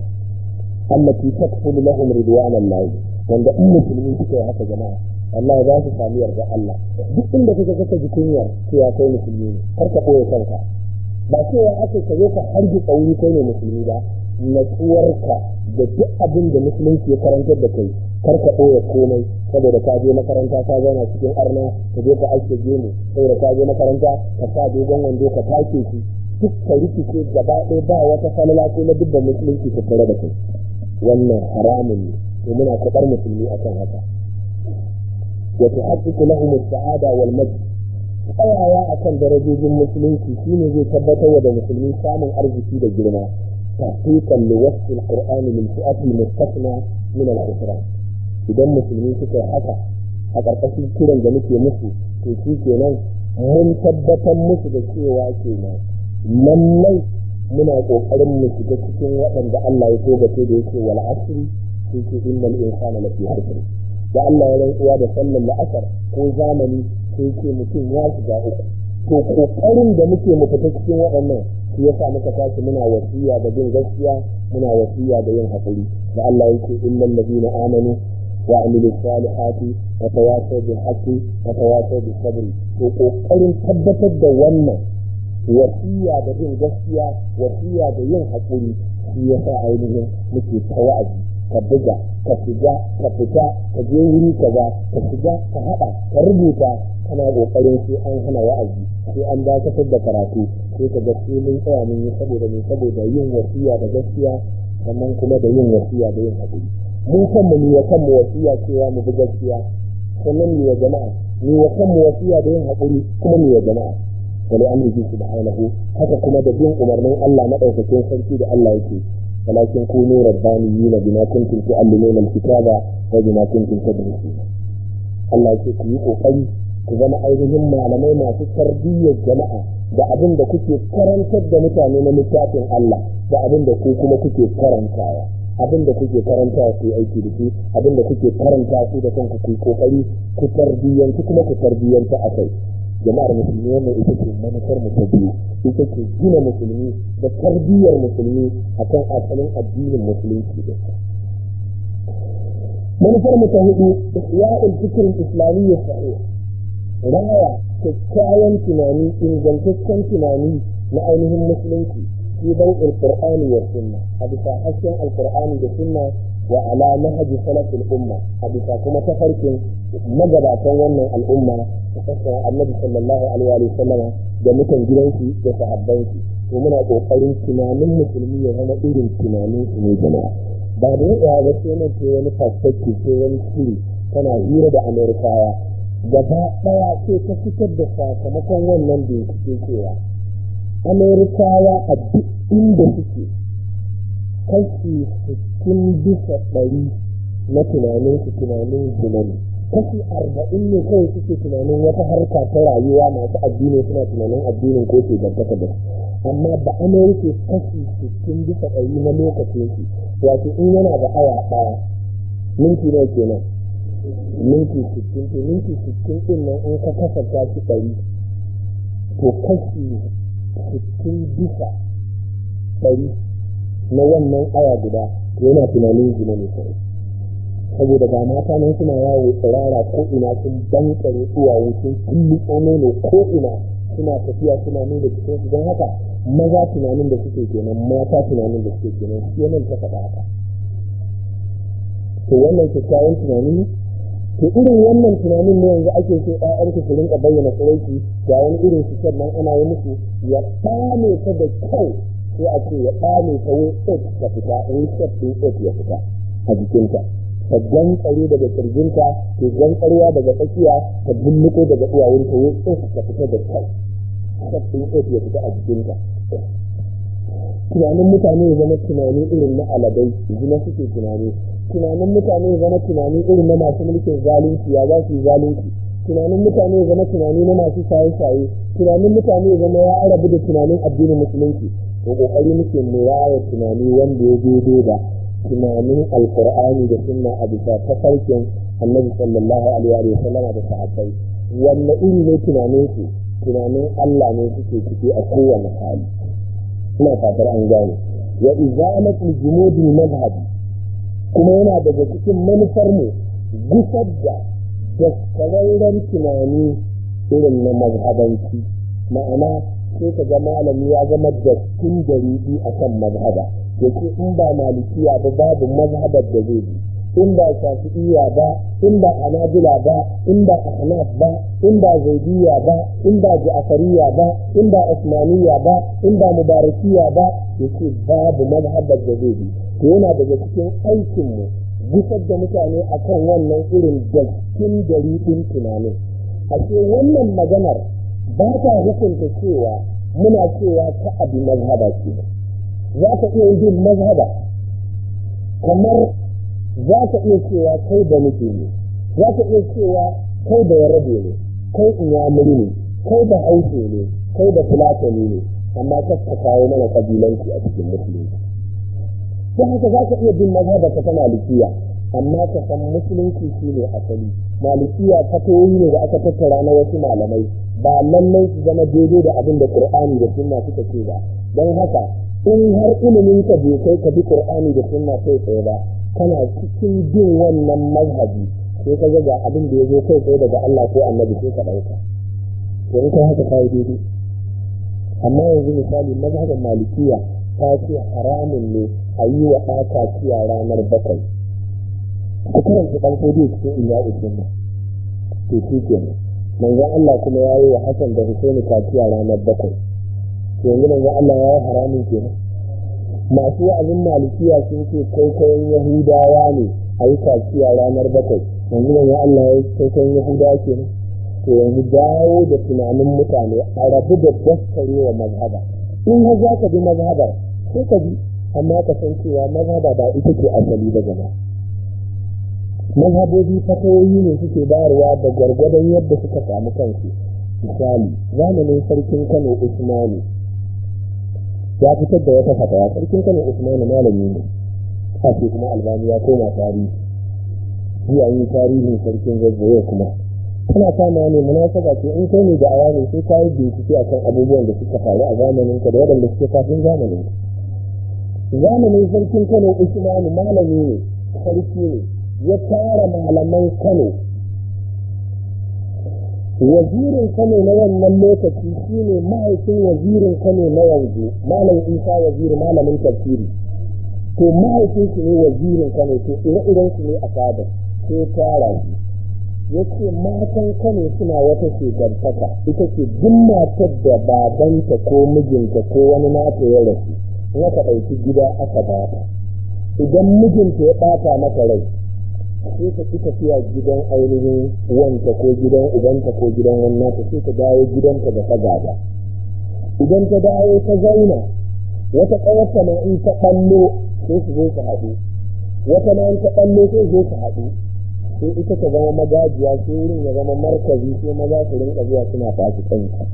allati takfulu lahum ridwanan lahi wanda in musulmi suka yi haka jama'a Allah za su sami yarda Allah duk inda kake kasa ji kunyar ya kai musulmi ne kar ka ɓoye kanka ba cewa ake ka zo ka harbi tsauri kai ne musulmi ba natsuwarka da duk abin da musulunci ya karantar da kai kar ka ɓoye komai saboda ka je makaranta ka zauna cikin arna ka je ka aske gemu saboda ka je makaranta ka sa dogon wando ka take shi dukkan rikice gaba ɗaya ba wata falala ko na dubban musulunci ta tare da kai wannan haramun ne to muna kwabar musulmi akan haka wa tuhaqiqu lahum Umar saada wal majd tsayawa akan darajojin musulunci shine zai tabbatar da musulmi samun arziki da girma تحقيقا لوصف su من فئات المستثنى من الخسران idan musulmi suka yi haka a ƙarƙashin kiran da muke musu to shi kenan mun tabbatar musu da cewa kenan lallai muna kokarin mu shiga cikin waɗanda Allah ya so da yake wal asri sai ce innal insana lafi khusr da Allah ya rantsuwa da sallar la'asar ko zamani sai ce mutum ya shiga uku to kokarin da muke mu fita cikin waɗannan shi yasa muka tashi muna wasiya da bin gaskiya muna wasiya da yin hakuri da Allah yake illal ladina amanu وعملوا الصالحات وتواصوا بالحق To بالصبر tabbatar da wannan. wasiya da bin gaskiya wasiya da yin haƙuri shi ya sa ainihin muke ta wa'azi ka buga ka shiga ka fita ka je wuri ka za ka shiga ka haɗa ka rubuta kana ƙoƙarin sai an hana wa'azi sai an dakatar da karatu sai ka ga sai mun tsaya mun yi saboda mun saboda yin wasiya da gaskiya sannan kuma da yin wasiya da yin haƙuri mun san mu wa kan wasiya cewa mu bi gaskiya sannan mu wa jama'a mu wa kan wasiya da yin haƙuri kuma mu wa jama'a wa li amrihi subhanahu haka kuma da jin umarnin Allah maɗaukacin sarki da Allah yake walakin kunu rabbaniyina bima kuntum tu'allimuna al-kitaba wa bima kuntum tadrusun Allah yake ku yi ƙoƙari ku zama ainihin malamai masu tarbiyyar jama'a da abin kuke karantar da mutane na littafin Allah da abin da kuke karantawa abin kuke karanta su aiki da shi abin da kuke karanta su da kanku ku kokari ku tarbiyyanci kuma ku tarbiyyanta a kai jama'ar musulmi wannan ita ce manufar mu ta biyu ita ce gina musulmi da tarbiyyar musulmi akan asalin addinin musulunci da manufar mu ta hudu ihya'ul fikrin islamiyya sahih raya kyakkyawan tunani ingantaccen tunani na ainihin musulunci في ضوء القرآن والسنة أبي فحسن da Sunna. wa ala nahji salafil umma hadisa kuma ta farkin magabatan wannan al'umma ta fassara annabi sallallahu alaihi wa sallama da mutan gidansu da sahabbansu to muna kokarin tunanin musulmi ya zama irin tunanin su ne jama'a ba da ya ga sai nan wani fasakki sai wani shiri tana hira da amerikawa gaba daya sai ta fitar da sakamakon wannan bincike cewa amerikawa a duk inda suke kashi sittin bisa ɗari na tunanin su tunanin gina kashi arba'in ne kawai suke tunanin wata harka ta rayuwa masu addini suna tunanin addinin ko ke gabata da amma da ana yake kashi sittin bisa ɗari na lokacin su wato in yana da awa ɗaya minti nawa kenan minti sittin to minti sittin ɗin nan in ka kasafta shi ɗari to kashi sittin bisa ɗari na wannan aya guda yana tunanin zina ne kawai saboda ba mata nan suna yawo tsirara ko ina sun bankare uwayen wucin kullu ne ko ina suna tafiya suna nuna cikin su don haka maza tunanin da suke kenan mata tunanin da suke kenan shi nan ta faɗa haka to wannan kyakkyawan tunani to irin wannan tunanin ne yanzu ake so ƴaƴan ku su rinƙa bayyana tsiraici ga wani irin su nan ana yi musu ya kame ta da kyau sai a ce ya ɗame ta wai ot ta fita in shaf ot ya fita a jikinta ta tsare daga kirjinta ta gantsarewa daga tsakiya ta bulluko daga duwawunta wai ot ta fita da kai shaf ot ya fita a jikinta tunanin mutane ya zama tunani irin na aladai zina suke tunani tunanin mutane ya zama tunani irin na masu mulkin zalunci ya za su yi zalunci tunanin mutane ya zama tunani na masu shaye-shaye tunanin mutane ya zama ya rabu da tunanin addinin musulunci ko kokari muke mu tunani wanda ya daidai da tunanin alkur'ani da sunna a bisa tafarkin annabi sallallahu alaihi wa sallama da sahabbai wanne iri ne tunanin su tunanin Allah ne suke ciki a kowane hali ina fatar an gane wa izalatul jumudil madhhab kuma yana daga cikin manufar mu gusar da da kwararren tunani irin na mazhabanci ma'ana sai ka ga malami ya zama dattin da riɗi a kan mazhaba ya ce in ba malikiya ba babu mazhabar da zai bi in ba shafi'iyya ba in ba anabila ba in ba ahnaf ba in ba zaidiyya ba in ba ja'fariyya ba in ba usmaniyya ba in ba mubarakiya ba ya ce babu mazhabar da zai bi to yana daga cikin aikinmu gusar da mutane a kan wannan irin gaskin gari ɗin tunanin a ce wannan maganar ba ta hukunta cewa muna cewa ta abu mazhaba ce za ka iya yin mazhaba kamar za ka iya cewa kai da nufi ne za ka iya cewa kai da yarabe ne kai inyamuri ne kai da haushe ne kai da fulatani ne amma kakka kawo mana kabilanci a cikin musulunci ko haka za ka iya bin mazhabarka ta malikiya amma ka san musulunci shi ne asali malikiya katayoyi ne da aka tattara na wasu malamai ba lallai su zama daidai da abin da qur'ani da sunna suka ce ba don haka in har ilimin ka bai kai ka bi qur'ani da sunna kai tsaye ba kana cikin bin wannan mazhabi sai ka ga abin da ya zo kai tsaye daga Allah ko annabi sai ka ɗauka to in kai haka kai daidai amma yanzu misali mazhabin malikiya ta ce haramun ne a yi wa ɗaka ciya ranar bakwai ku karanta ɗan kodiyo cikin iya ukin nan to shi ke nan manzan Allah kuma ya yi wa Hassan da Hussein kaciya ranar bakwai to yanzu manzan Allah ya yi haramun ke ne? masu wa'azin malikiya sun ce kwaikwayon yahudawa ne a yi kaciya ranar bakwai yanzu manzan Allah ya yi kwaikwayon yahudawa ke ne? to yanzu dawo da tunanin mutane a rabu da daskarewa mazhaba in za ka bi mazhabar sai ka bi amma ka san cewa mazhaba ba ita ce asali ba gaba mazhabobi fatawoyi ne suke bayarwa da gwargwadon yadda suka samu kansu misali zamanin sarkin kano usmani ya fitar da wata fata sarkin kano usmani malami ne ce kuma albani ya koma tarihi zuwa yi tarihin sarkin zazzaye kuma tana kama ne munasaba ce in kai ne da awa ne sai ka yi bincike akan abubuwan da suka faru a zamanin ka da waɗanda suke kafin zamanin zamanin sarkin kano usmanu malami ne sarki ne ya tara malaman kano wazirin kano na wannan lokaci shi ne mahaifin wazirin kano na yanzu malam isa waziri malamin tafsiri to mahaifin shi ne wazirin kano to ire-iren shi ne a kada. ko tara shi ya ce matan kano suna wata shekar ita ce duk da babanta ko mijinta ko wani mata ya rasu in aka ɗauki gida aka bata idan mijinta ya ɓata maka rai sai ka fi tafiya gidan ainihin wanta ko gidan ubanta ko gidan wannan ta sai ka dawo gidanta da ta gaba idan ta dawo ta zauna wata ƙawarta na in ta ɓallo sai su zo su haɗu wata na in ta ɓallo sai zo su haɗu sai ita ta zama magajiya sai wurin ya zama markazi sai maza su rinƙa zuwa suna fashi kanka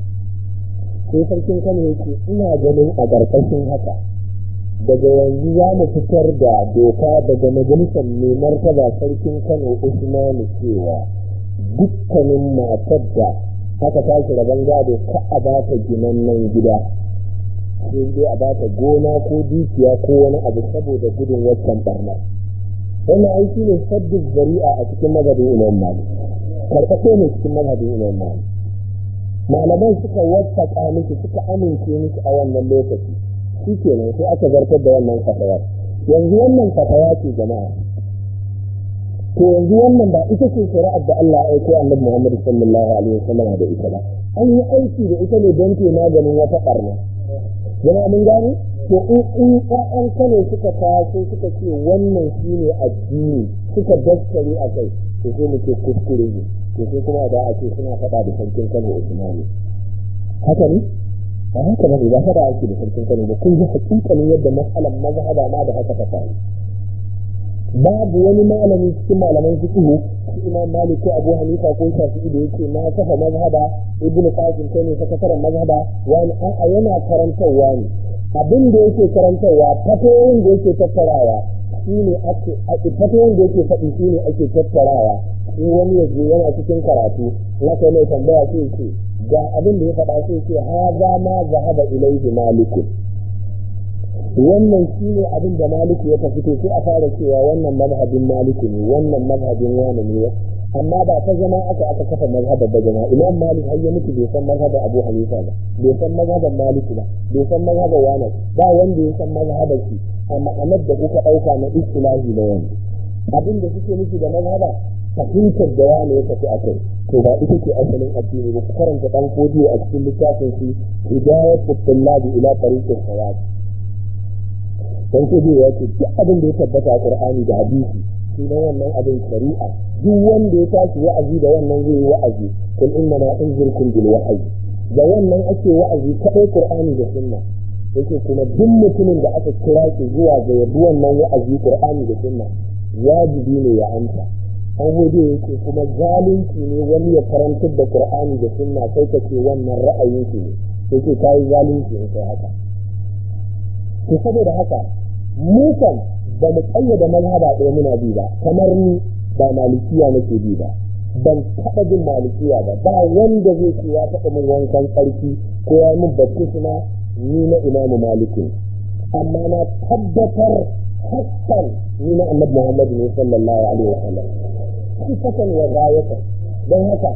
sai sarkin kano yake ina ganin a ƙarƙashin haka daga yanzu za mu fitar da doka daga majalisar mai martaba sarkin kano usmanu cewa dukkanin matar da haka shi rabon gado ka a ba ta ginannen gida sai dai a ba ta gona ko dukiya ko wani abu saboda gudun waccan barna wannan aiki ne sabbin zari'a a cikin mazhabin imam malik karkace ne cikin mazhabin imam malik malaman suka wattaka miki suka amince miki a wannan lokaci shi ke nan sai aka zartar da wannan fatawa yanzu wannan fatawa ce jama'a to yanzu wannan ba ita ce shari'ar da Allah ya aiko Annabi Muhammad sallallahu alaihi wasallam da ita ba an yi aiki da ita ne don ke maganin wata barna jama'a mun gane to in in ƴaƴan kane suka taso suka ce wannan shine addini suka daskare a kai to sai muke kuskure ne to sai kuma da a suna faɗa da sarkin kano usmani haka ne ba haka ba ne ba faɗa ake da sarkin kano ba kun ji hakikalin yadda matsalar mazhaba ma da haka ta faru babu wani malami cikin malaman fiqhu imam malik ko abu hanifa ko shafi'i da yake na kafa mazhaba ibn qasim ko ne saka sakataren mazhaba wani a yana karantarwa ne abin da yake karantarwa fatoyin da yake tattarawa shi ne ake fatoyin wanda yake faɗi shi ne ake tattarawa in wani ya je yana cikin karatu na kai mai tambaya sai ce ga abin da ya faɗa sai ce ha za ma zahaba ilaihi malikun wannan shi ne abin da maliki ya fito sai a fara cewa wannan mazhabin maliki ne wannan mazhabin wani ne amma ba ta zama aka aka kafa mazhabar da jama'a imam malik har ya mutu bai san mazhabar abu halisa ba bai san mazhabar maliki ba bai san mazhabar wani ba wanda ya san mazhabar shi a ma'anar da kuka ɗauka na istilahi na wani abin da suke nufi da mazhaba fahimtar da wani ya tafi kai to ba ita ce asalin addini ba ku karanta ɗan kodiyo a cikin littafin shi hidayat tullabi ila tariqil hayat don sai dai ya ce duk abin da ya tabbata a Qur'ani da hadisi na wannan abin shari'a duk wanda ya tashi wa'azi da wannan zai yi wa'azi kul inna in unzirkum bil wa'azi. da wannan ake wa'azi kaɗai Kur'ani da sunna yake kuma duk mutumin da aka kira shi zuwa ga yabi wannan wa'azi Kur'ani da sunna wajibi ne ya amsa an hudu yake kuma zalunci ne wani ya karantar da Qur'ani da sunna sai ka ce wannan ra'ayin shi ne sai ta yi zalunci ne kai haka to saboda haka mu kan ba mu kayyada mazhaba ɗaya muna bi ba kamar ni ba malikiya nake bi ba ban taɓa jin malikiya ba ba wanda zai ce ya taɓa min wankan ƙarfi, ko ya min baptisma ni na imamu maliki amma na tabbatar hassan ni na annabi muhammadu ne sallallahu alaihi wa sallam kasan wa gayatan don haka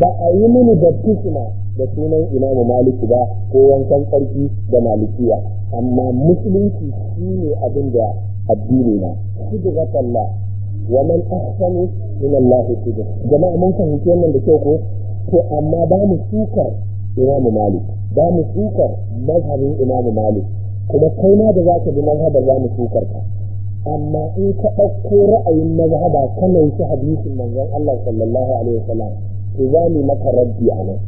ba a yi mini baptisma da sunan imamu maliki ba ko wankan tsarki da malikiya amma musulunci shi ne abin da addini na sidratullah wa man ahsanu min Allah sidra jama'a mun fahimci wannan da kyau ko to amma ba mu sukar imamu malik ba mu sukar mazhabin imamu malik kuma kai ma da zaka bi mazhabar za mu sukar ka amma in ka ɗauko ra'ayin mazhaba kana yi hadisin manzon Allah sallallahu alaihi wasallam to za mu maka rabbi a nan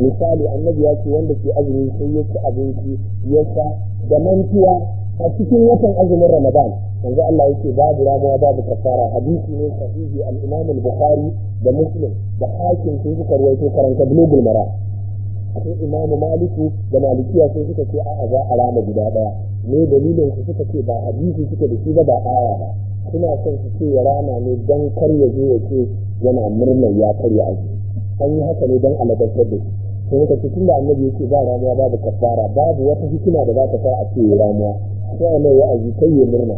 misali annabi ya ce wanda ke azumi sai ya ci abinci ya sha da mantuwa a cikin watan azumin ramadan yanzu Allah ya ce babu ramuwa babu kafara hadisi ne sahihi al-imam al-bukhari da muslim da hakim sun suka ruwaito karanta global mara akwai imamu maliku da malikiya sun suka ce a'a za a rama guda daya ne dalilin su suka ce ba hadisi suke da shi ba ba aya ba suna son su ce ya rama ne don kar ya je ya ce yana murnar ya karya aji an yi haka ne don aladar da shi sai ka ce da annabi yake ba ramuwa babu kafara babu wata hikima da za ta sa a ce ramuwa sai annabi ya aji kai ya murna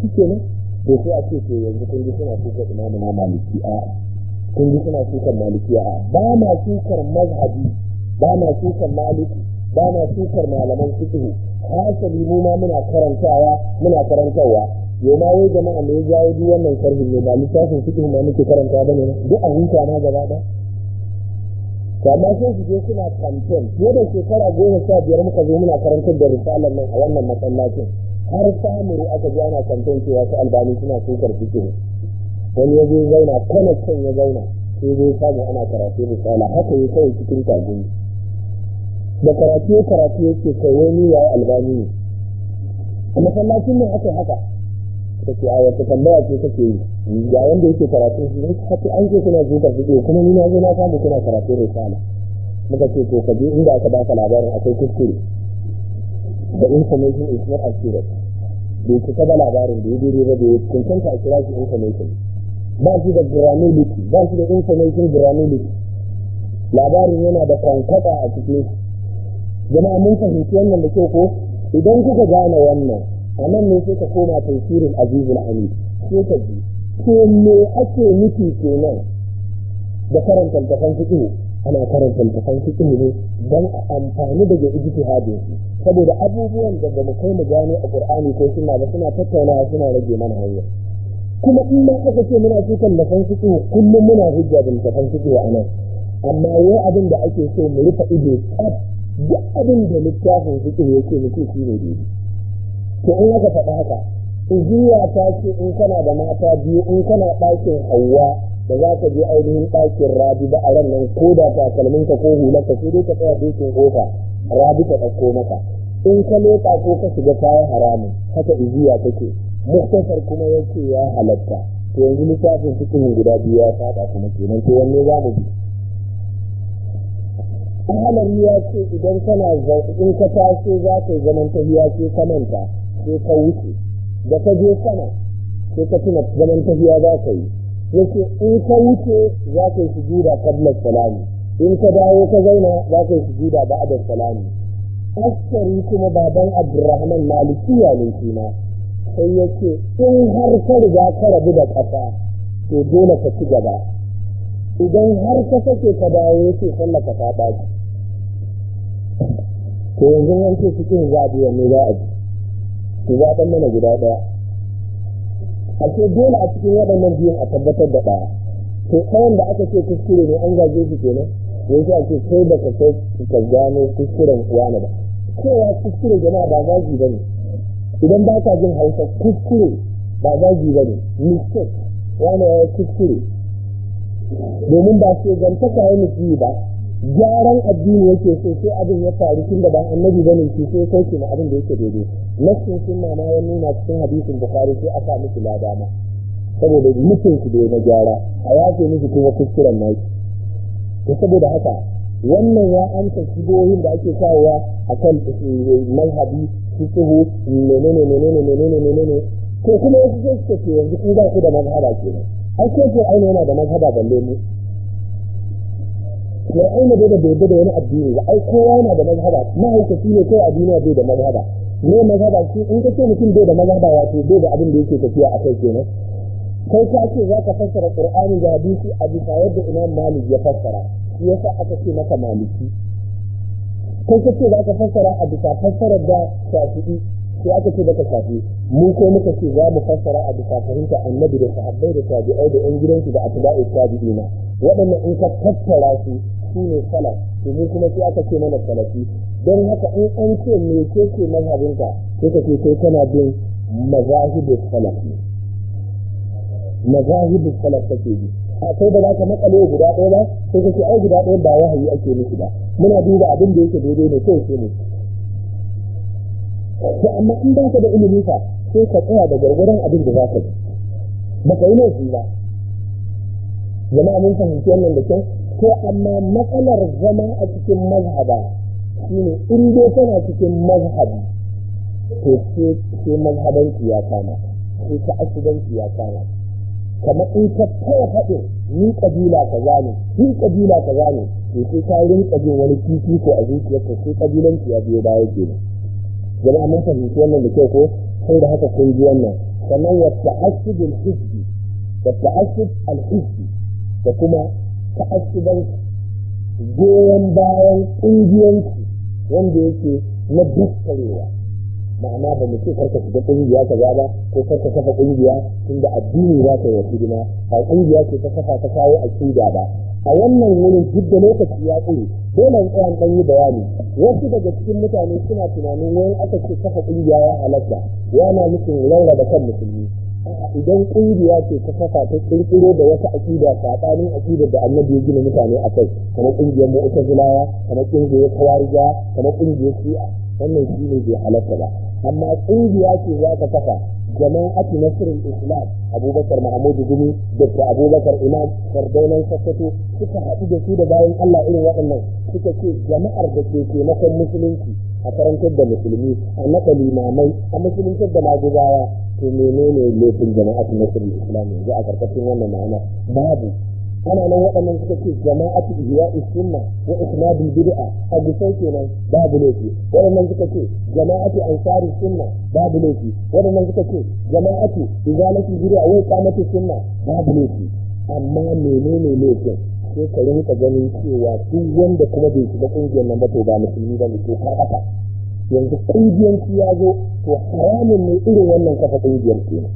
shikenan to sai a ce ke yanzu kun ji suna shukar imamu na maliki a kun ji suna shukar maliki a ba ma kukar mazhabi ba ma kukar maliki ba ma kukar malaman fiqh hasali mu ma muna karantawa muna karantawa yau ma wai jama'a ne ya jawo duk wannan sharhin ne ba littafin fiqh ma muke karanta bane duk a huta na gaba ɗaya to amma sai su je suna kamfen fiye da shekara goma sha biyar muka zo muna karantar da risalar nan a wannan masallacin har samuru aka ji ana kamfen cewa su albani suna sukar fikihu wani ya zo zauna can ya zauna sai zai samu ana karatu risala haka ya kawai cikin tagun da karatu karatu yake kai wani ya albani ne a masallacin nan aka haka take a wata tambaya ce kake yi ga wanda yake karatu shi ne kace an ce kuna zuwa fiye kuma ni na zo na samu kuna karatun sama. muka ce to ka je inda aka baka labarin akwai kuskure the information is not accurate bai cika ba labarin da ya daidai da ya cancanta a kira shi information ba shi da granulity ba shi da information granulity labarin yana da kwankwata a cikin jama'a mun fahimci wannan da kyau ko idan kuka gane wannan a nan ne sai ka koma tafsirin azizul hamid sai ka ji ko me ake nufi kenan da karanta littafan fiqh ana karanta littafan fiqh ne don a amfani da ijtihadin su saboda abubuwan da ba mu kai mu gano a qur'ani ko suna ba suna tattauna suna rage mana hanya kuma in ma aka ce muna cikin littafan fiqh kullum muna hujja da littafan fiqh a nan amma wai abin da ake so mu rufe ido duk abin da littafin fiqh yake mutum shi ne daidai to in aka faɗa haka izuwa ta ce in kana da mata biyu in kana ɗakin hawa da za ka je ainihin ɗakin rabi ba a ran nan ko da takalminka ko ka sai dai ka tsaya dokin ƙofa rabi ta ɗauko maka in ka leƙa ko ka shiga kayan haramun haka izuwa take muktasar kuma ya ce ya halatta to yanzu littafin cikin guda biyu ya faɗa kuma kenan to wanne za mu bi ahalar ya ce idan kana in ka taso za ka yi zaman tafiya ce ka manta sai ka wuce da ka je sama sai ka tuna zaman tafiya za ka yi yake in ka wuce za ka yi juda kablar salami in ka dawo ka zauna za ka yi a da salami askari kuma baban abdurrahman ya ne shi Sai ya ce in har ka riga ka rabu da ƙasa to dole ka ci gaba idan har ka sake ka dawo yake sallah ka ta to yanzu an cikin zaɓi wani za a ji ku zaɓen mana guda ɗaya A ashe dole a cikin waɗannan biyun a tabbatar da ɗaya to ɗayan da aka ce kuskure ne an zage shi kenan yanzu a ce sai da ka sai ka gano kuskuren wani ba kowa kuskure jama'a ba zagi ba ne idan ba ka jin hausa kuskure ba zagi ba ne mistake wani ya kuskure domin ba shugantaka ya nufi ba gyaran addini yake so sai abin ya faru tun da ba annabi ba ne ke sai sauke ma abin da yake daidai nassin sunna ma ya nuna cikin hadisin bukhari sai aka miki lada ma saboda mutum ku na gyara a yafe miki kuma kuskuren naki to saboda haka wannan ya amsa kibohin da ake kawowa akan eh, manhaji fisuhu menene menene menene menene ko kuma wasu sai suka ce yanzu ku ba ku da mazhaba kenan ai sai aina yana da mazhaba balle mu fir'auna bai da bai da wani addini ba ai kowa yana da mazhaba mahaukaci ne kai a duniya bai da mazhaba ne mazhaba shi in ka ce mutum bai da mazhaba wato bai da abin da yake tafiya a kai kenan kai ka ce za ka fassara qur'ani da hadisi a bisa yadda imam malik ya fassara shi yasa aka ce maka maliki kai ka ce za ka fassara a bisa fassarar da shafi'i sai aka ce baka shafi mu ko muka ce za mu fassara a bisa fahimta annabi da sahabbai da tabi'ai da yan gidansu da atba'u tabi'ina waɗannan in ka tattara su su ne salaf to mu kuma sai aka ce mana salafi don haka in an ce me ke ke mazhabinka sai ka ce kai kana bin mazahibu salaf mazahibu salaf kake bi akwai ba za ka makale guda ɗaya ba sai ka ce ai guda ɗaya ba wahayi ake nufi ba muna duba abin da yake daidai ne kai sai ta amma in ba ka da ilimi fa sai ka tsaya da gwargwaron abin da za ka yi ba ka yi laifi ba jama'a mun fahimci wannan da kyau ko amma matsalar zama a cikin mazhaba shine in dai tana cikin mazhabi to sai mazhabanci ya kama sai ta asibanci ya kama kamar in ka taya faɗin ni ƙabila ka zane ni ƙabila ka zane to sai ka rinƙa jin wani ko a zuciyarka sai ƙabilanci ya biyo baya kenan jama'a mun fahimci wannan da kyau ko sai da haka kun ji wannan sannan wa ta'assud al-hisbi wa ta'assud al da kuma ta'assudan goyon bayan kungiyanci wanda yake na dukkanewa ma'ana ba mu ce karka shiga kungiya ka ba ko karka kafa kungiya tunda addini za ta yi hidima ba kungiya ce ta kafa ta kawo akida ba a wannan wurin duk da lokaci ya ƙuri, dole in tsaya dan yi bayani wasu daga cikin mutane suna tunanin wani aka ce kafa kungiya ya halatta yana nufin da kan musulmi idan kungiya ce ta kafa ta kirkiro da wata akida tsakanin akidar da annabi ya gina mutane a kai kamar kungiyar mu'tazilawa kamar kungiyar kawarija kamar ƙungiyar shi'a wannan shi ne bai halarta ba amma kungiya ce za ta kafa na nasrul islam abubakar mahamudu gumi dr abubakar imam sardaunan sakkato suka haɗu da su da bayan allah irin waɗannan suka ce jama'ar da ke taimakon musulunci a karantar da musulmi a naɗa limamai a musuluntar da magudawa to menene laifin jama'atu nasir islamu yanzu a karkashin wannan ma'ana babu ana nan waɗannan suka ce jama'atu ihya sunna wa isnadul bid'a hadisai kenan babu laifi waɗannan suka ce jama'atu ansari sunna babu laifi waɗannan suka ce jama'atu izalati bid'a wa iqamati sunna babu laifi amma menene laifin sai ka rinka ganin cewa duk wanda kuma bai shiga kungiyar nan ba to ba musulmi ba ne to karkata yanzu ƙungiyanci ya zo to haramun ne irin wannan kafa ƙungiyar kenan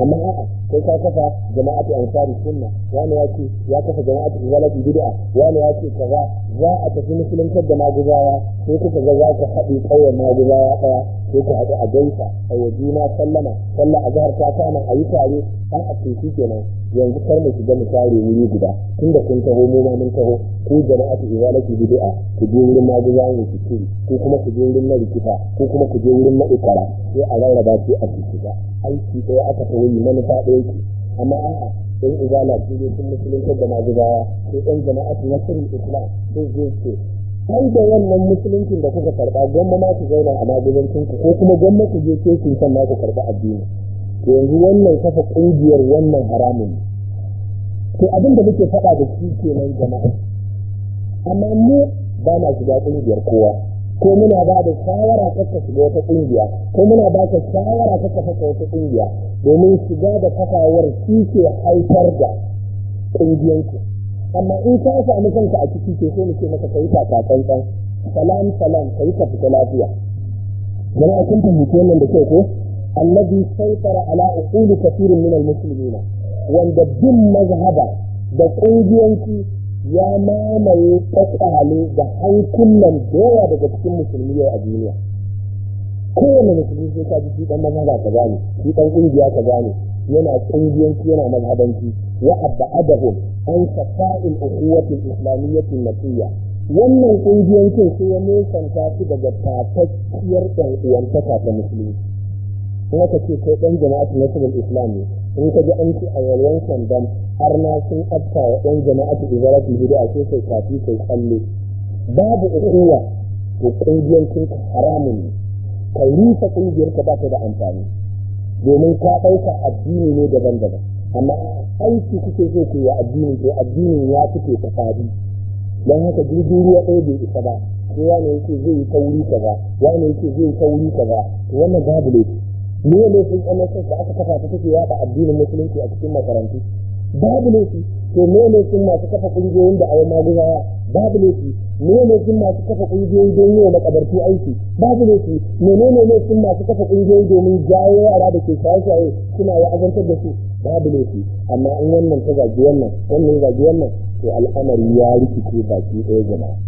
amma a'a sai ka kafa jama'atu ansari sunna wani ya ce ya kafa jama'atu izalati bid'a wani ya ce kaza za a tafi musuluntar da maguzawa sai kuka ga za ka haɗe ƙauyen maguzawa ɗaya sai ku haɗu a gaisa a waje na sallama sallah a jihar ta kama a yi tare an a teku nan yanzu kar mu shiga mu tare wuri guda tunda kun taho mu ma mun taho ko ku jama'atu izalati bid'a ku je wurin maguzawa ku kiri ko kuma ku je wurin marikita ko kuma ku je wurin ma'ikara sai a rarraba su a cikin aiki ɗaya aka taho yi manufa ɗaya ke amma a'a in izala su zo sun musulunta da baya, ko ɗan jama'a su nasirin islam sun zo ce kai da wannan musuluncin da kuka karɓa gwamma ma ku zauna a magudancin ku ko kuma gwamma ku je kekin san ma ku karɓa addini to yanzu wannan kafa ƙungiyar wannan haramun ne to abin da muke faɗa da shi kenan jama'a amma mu ba na shiga ƙungiyar kowa ko muna ba da shawara kaka shiga wata kungiya ko muna ba ka shawara kaka fasa wata kungiya domin shiga da kafawar shi ke haifar da kungiyanku amma in ka sami kanka a ciki ke so mu ce maka kai taka tsantsan salam salam kai ka fita lafiya jama'a kun fahimci wannan da kyau ko Annabi, saytara ala uquli kathirin min al wanda bin mazhaba da kungiyanci ya mamaye kwakwale da hankulan dora daga cikin musulmi yau a duniya kowane musulmi sai ka ji shi dan mazhaba ka gane shi dan kungiya ka gane yana kungiyanci yana mazhabanci wa abba'adahu an safa'il ukhuwati islamiyyati nasiya wannan kungiyancin sai ya nesanta su daga tatakkiyar dan uwantaka ta musulmi kuma ka ce kai ɗan jama'atul na islam in ka ji an ci a yalwan sandan har na sun abta wa ɗan jama'atu hudu a sai kai kafi kai tsalle babu ukuwa to ƙungiyar sun ka haramun ne ka rufe ƙungiyar ka ba ta da amfani domin ka ɗauka addini ne daban-daban amma aiki kuke so ku yi addini to addinin ya fito ta fadi don haka jirgin ruwa ɗaya bai isa ba ko wani yake zai yi kauri kaza wani yake zai yi kauri kaza to wannan babu laifi ne kama MSF da aka kafa ta take yada addinin musulunci a cikin makarantu babu laifi to ne laifin masu kafa kungiyoyin da ayi maguzawa babu laifi ne laifin masu kafa kungiyoyin don yau na kabarci aiki babu laifi menene laifin masu kafa kungiyoyi domin jawo yara da ke shaye-shaye suna wa'azantar da su babu laifi amma in wannan ta zagi wannan wannan zagi wannan to al'amari ya rikice baki ɗaya jama'a